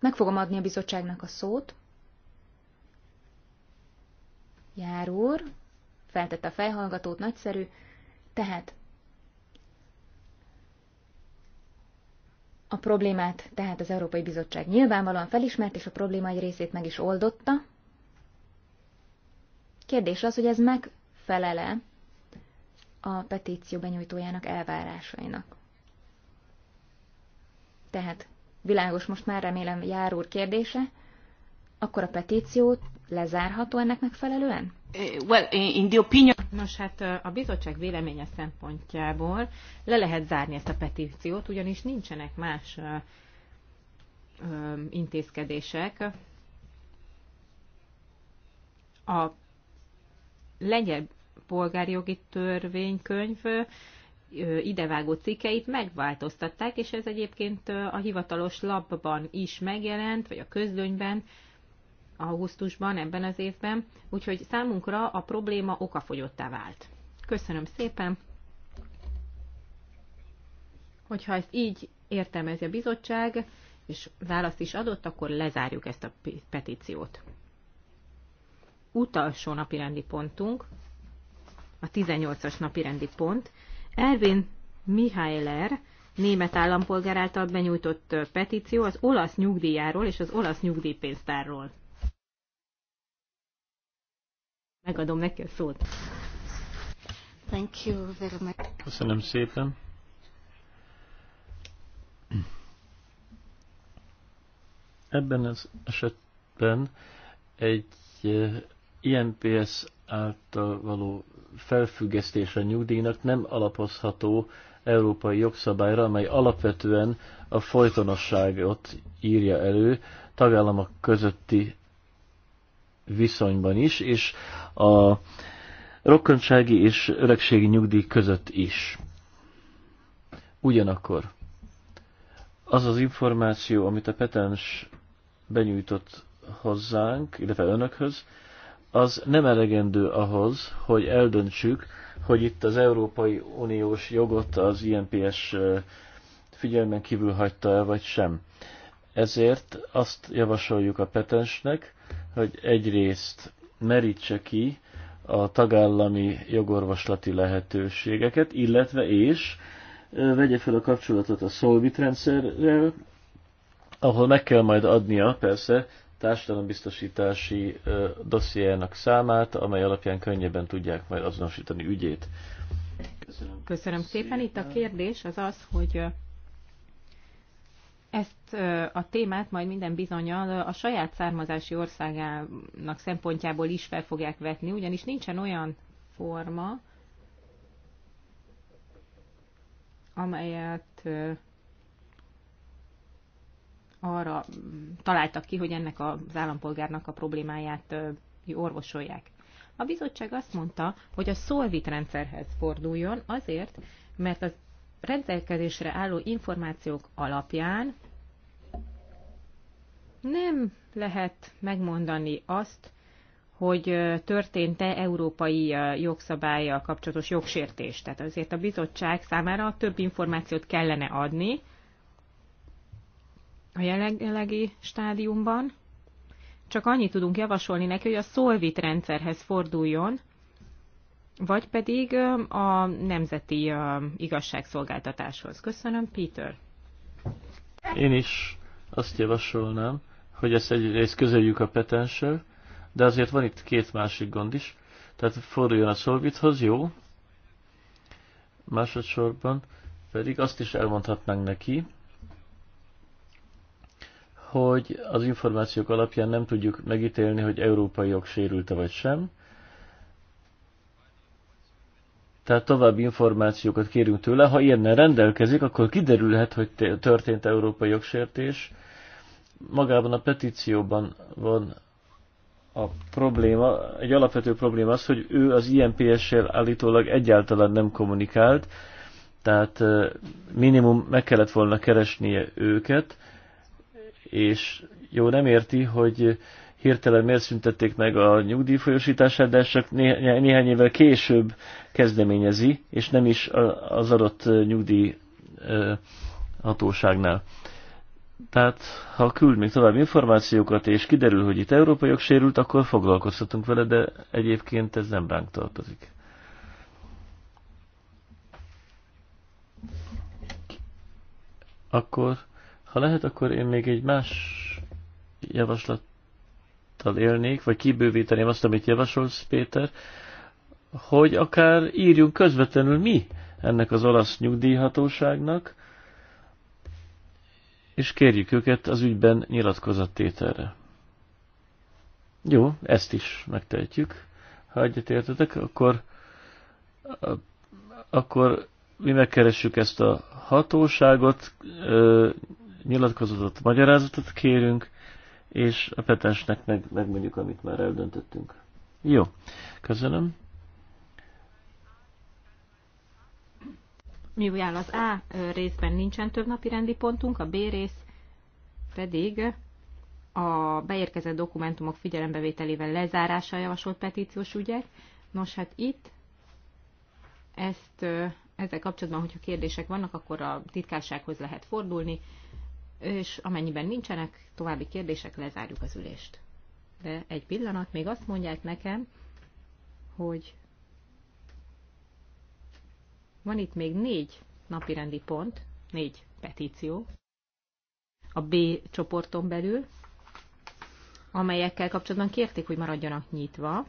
Meg fogom adni a bizottságnak a szót. Jár úr, feltette a fejhallgatót, nagyszerű. Tehát A problémát tehát az Európai Bizottság nyilvánvalóan felismert, és a probléma egy részét meg is oldotta. Kérdés az, hogy ez megfelele a petíció benyújtójának elvárásainak. Tehát világos most már remélem jár úr kérdése, akkor a petíciót lezárható ennek megfelelően? Eh, well, in the opinion... Nos, hát a bizottság véleménye szempontjából le lehet zárni ezt a petíciót, ugyanis nincsenek más intézkedések. A lengyel polgári jogi törvénykönyv idevágó cikkeit megváltoztatták, és ez egyébként a hivatalos lapban is megjelent, vagy a közlönyben, augusztusban, ebben az évben, úgyhogy számunkra a probléma okafogyottá vált. Köszönöm szépen! Hogyha ezt így értelmezi a bizottság, és választ is adott, akkor lezárjuk ezt a petíciót. Utolsó napirendi pontunk, a 18-as napirendi pont, Ervin Mihailer, német állampolgár által benyújtott petíció az olasz nyugdíjáról és az olasz nyugdíjpénztárról. Megadom neki a szót. Thank you very much. Köszönöm szépen. Ebben az esetben egy eh, INPS által való a nyugdíjnak nem alapozható európai jogszabályra, amely alapvetően a folytonosságot írja elő tagállamok közötti viszonyban is, és a rokkantsági és öregségi nyugdíj között is. Ugyanakkor az az információ, amit a petens benyújtott hozzánk, illetve önökhöz, az nem elegendő ahhoz, hogy eldöntsük, hogy itt az Európai Uniós jogot az INPS figyelmen kívül hagyta el, vagy sem. Ezért azt javasoljuk a petensnek, hogy egyrészt merítse ki a tagállami jogorvoslati lehetőségeket, illetve és vegye fel a kapcsolatot a Solvit rendszerrel, ahol meg kell majd adnia persze társadalombiztosítási dossziernak számát, amely alapján könnyebben tudják majd azonosítani ügyét. Köszönöm. Köszönöm szépen. Itt a kérdés az az, hogy ezt a témát majd minden bizonyal a saját származási országának szempontjából is fel fogják vetni, ugyanis nincsen olyan forma, amelyet arra találtak ki, hogy ennek az állampolgárnak a problémáját orvosolják. A bizottság azt mondta, hogy a szolvit rendszerhez forduljon azért, mert az rendelkezésre álló információk alapján nem lehet megmondani azt, hogy történt-e európai jogszabálya kapcsolatos jogsértés. Tehát azért a bizottság számára több információt kellene adni a jelenlegi stádiumban. Csak annyit tudunk javasolni neki, hogy a Solvit rendszerhez forduljon, vagy pedig a nemzeti igazságszolgáltatáshoz. Köszönöm, Peter. Én is azt javasolnám, hogy ezt egyrészt közeljük a petenssel, de azért van itt két másik gond is. Tehát forduljon a szolvithoz, jó? Másodszorban pedig azt is elmondhatnánk neki, hogy az információk alapján nem tudjuk megítélni, hogy európai jog sérülte vagy sem, tehát további információkat kérünk tőle. Ha ilyennel rendelkezik, akkor kiderülhet, hogy történt európai jogsértés. Magában a petícióban van a probléma, egy alapvető probléma az, hogy ő az INPS-sel állítólag egyáltalán nem kommunikált, tehát minimum meg kellett volna keresnie őket, és jó, nem érti, hogy hirtelen miért szüntették meg a nyugdíjfolyosítását, de csak néhány évvel később kezdeményezi, és nem is az adott nyugdíj hatóságnál. Tehát, ha küld még tovább információkat, és kiderül, hogy itt európai sérült, akkor foglalkozhatunk vele, de egyébként ez nem ránk tartozik. Akkor, ha lehet, akkor én még egy más javaslattal élnék, vagy kibővíteném azt, amit javasolsz, Péter. Uh, hogy akár írjunk közvetlenül mi ennek az olasz nyugdíjhatóságnak, és kérjük őket az ügyben nyilatkozattételre. Jó, ezt is megtehetjük. Ha egyetértetek, akkor, akkor mi megkeressük ezt a hatóságot, nyilatkozatot, magyarázatot kérünk, és a petensnek meg, megmondjuk, amit már eldöntöttünk. Jó, köszönöm. mivel az A részben nincsen több napi rendi pontunk, a B rész pedig a beérkezett dokumentumok figyelembevételével lezárása javasolt petíciós ügyek. Nos, hát itt ezt, ezzel kapcsolatban, hogyha kérdések vannak, akkor a titkársághoz lehet fordulni, és amennyiben nincsenek további kérdések, lezárjuk az ülést. De egy pillanat, még azt mondják nekem, hogy van itt még négy napirendi pont, négy petíció a B csoporton belül, amelyekkel kapcsolatban kérték, hogy maradjanak nyitva.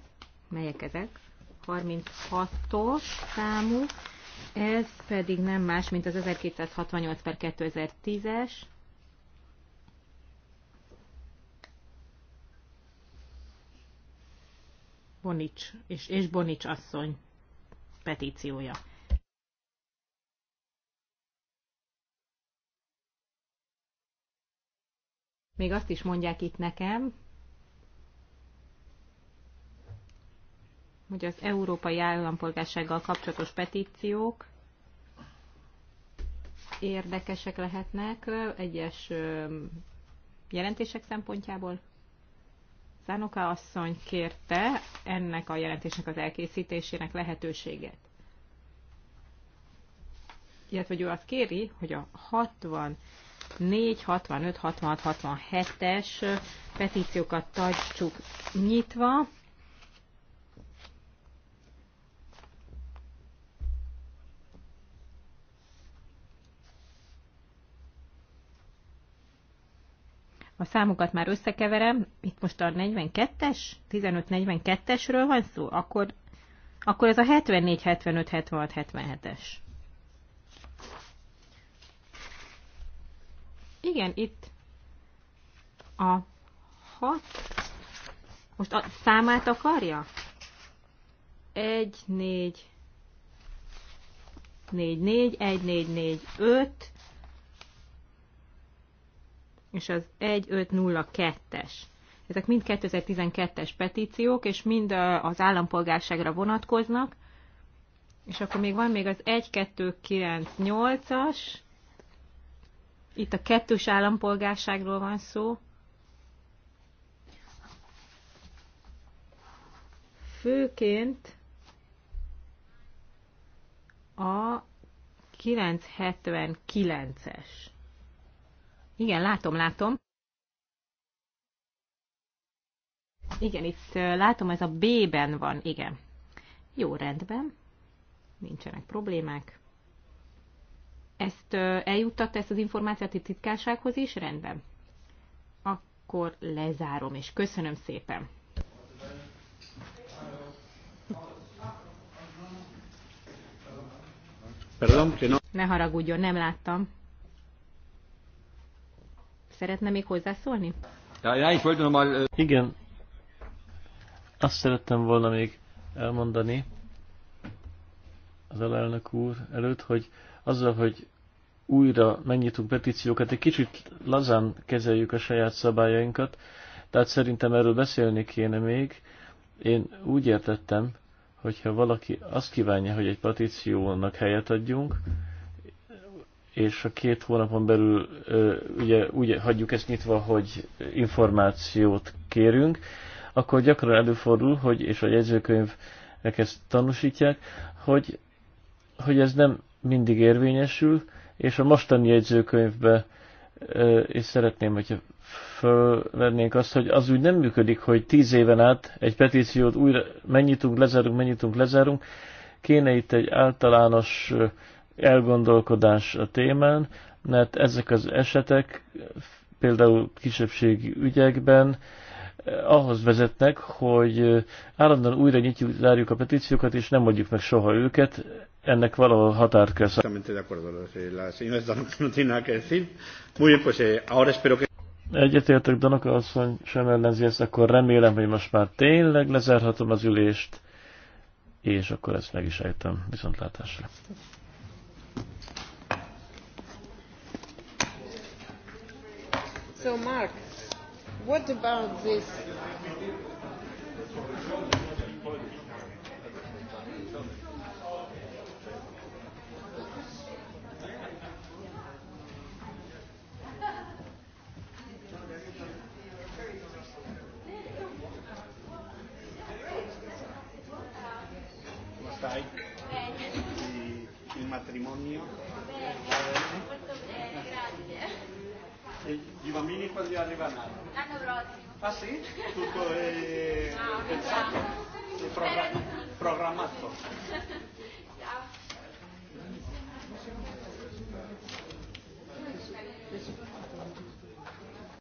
Melyek ezek? 36-os számú, ez pedig nem más, mint az 1268 per 2010-es, Bonics és, és Bonics asszony petíciója. Még azt is mondják itt nekem, hogy az európai állampolgársággal kapcsolatos petíciók érdekesek lehetnek egyes jelentések szempontjából. Zánoka asszony kérte ennek a jelentésnek az elkészítésének lehetőséget. Illetve hogy ő azt kéri, hogy a 60 4, 65, 66, 67-es petíciókat tartsuk nyitva. A számokat már összekeverem, itt most a 42-es, 15-42-esről van szó, akkor, akkor ez a 74, 75, 76, 77-es. Igen, itt a hat, most a számát akarja? Egy, négy, négy, négy, egy, négy, négy, öt, és az egy öt nulla kettes. Ezek mind 2012-es petíciók, és mind az állampolgárságra vonatkoznak. És akkor még van még az 1298-as, itt a kettős állampolgárságról van szó. Főként a 979-es. Igen, látom, látom. Igen, itt látom, ez a B-ben van, igen. Jó, rendben. Nincsenek problémák ezt eljuttatta ezt az információt a titkársághoz is? Rendben. Akkor lezárom, és köszönöm szépen. Ne haragudjon, nem láttam. Szeretne még hozzászólni? Igen. Azt szerettem volna még elmondani az alelnök úr előtt, hogy azzal, hogy újra megnyitunk petíciókat, egy kicsit lazán kezeljük a saját szabályainkat, tehát szerintem erről beszélni kéne még. Én úgy értettem, hogyha valaki azt kívánja, hogy egy petíciónak helyet adjunk, és a két hónapon belül ugye úgy hagyjuk ezt nyitva, hogy információt kérünk, akkor gyakran előfordul, hogy, és a jegyzőkönyvek ezt tanúsítják, hogy, hogy ez nem mindig érvényesül, és a mostani jegyzőkönyvbe és szeretném, hogyha fölvennénk azt, hogy az úgy nem működik, hogy tíz éven át egy petíciót újra mennyitunk, lezárunk, mennyitunk, lezárunk. Kéne itt egy általános elgondolkodás a témán, mert ezek az esetek például kisebbségi ügyekben eh, ahhoz vezetnek, hogy állandóan újra nyitjuk, zárjuk a petíciókat, és nem adjuk meg soha őket ennek valahol határt kell szállni. Eh, Egyetértek Danaka asszony sem ellenzi ezt, akkor remélem, hogy most már tényleg lezárhatom az ülést, és akkor ezt meg is ejtem. Viszontlátásra! So Mark, what about this? mio. E i bambini quando arrivano? L'anno ah, prossimo. Ah, ah sì? Tutto è ah, pensato, è programmato.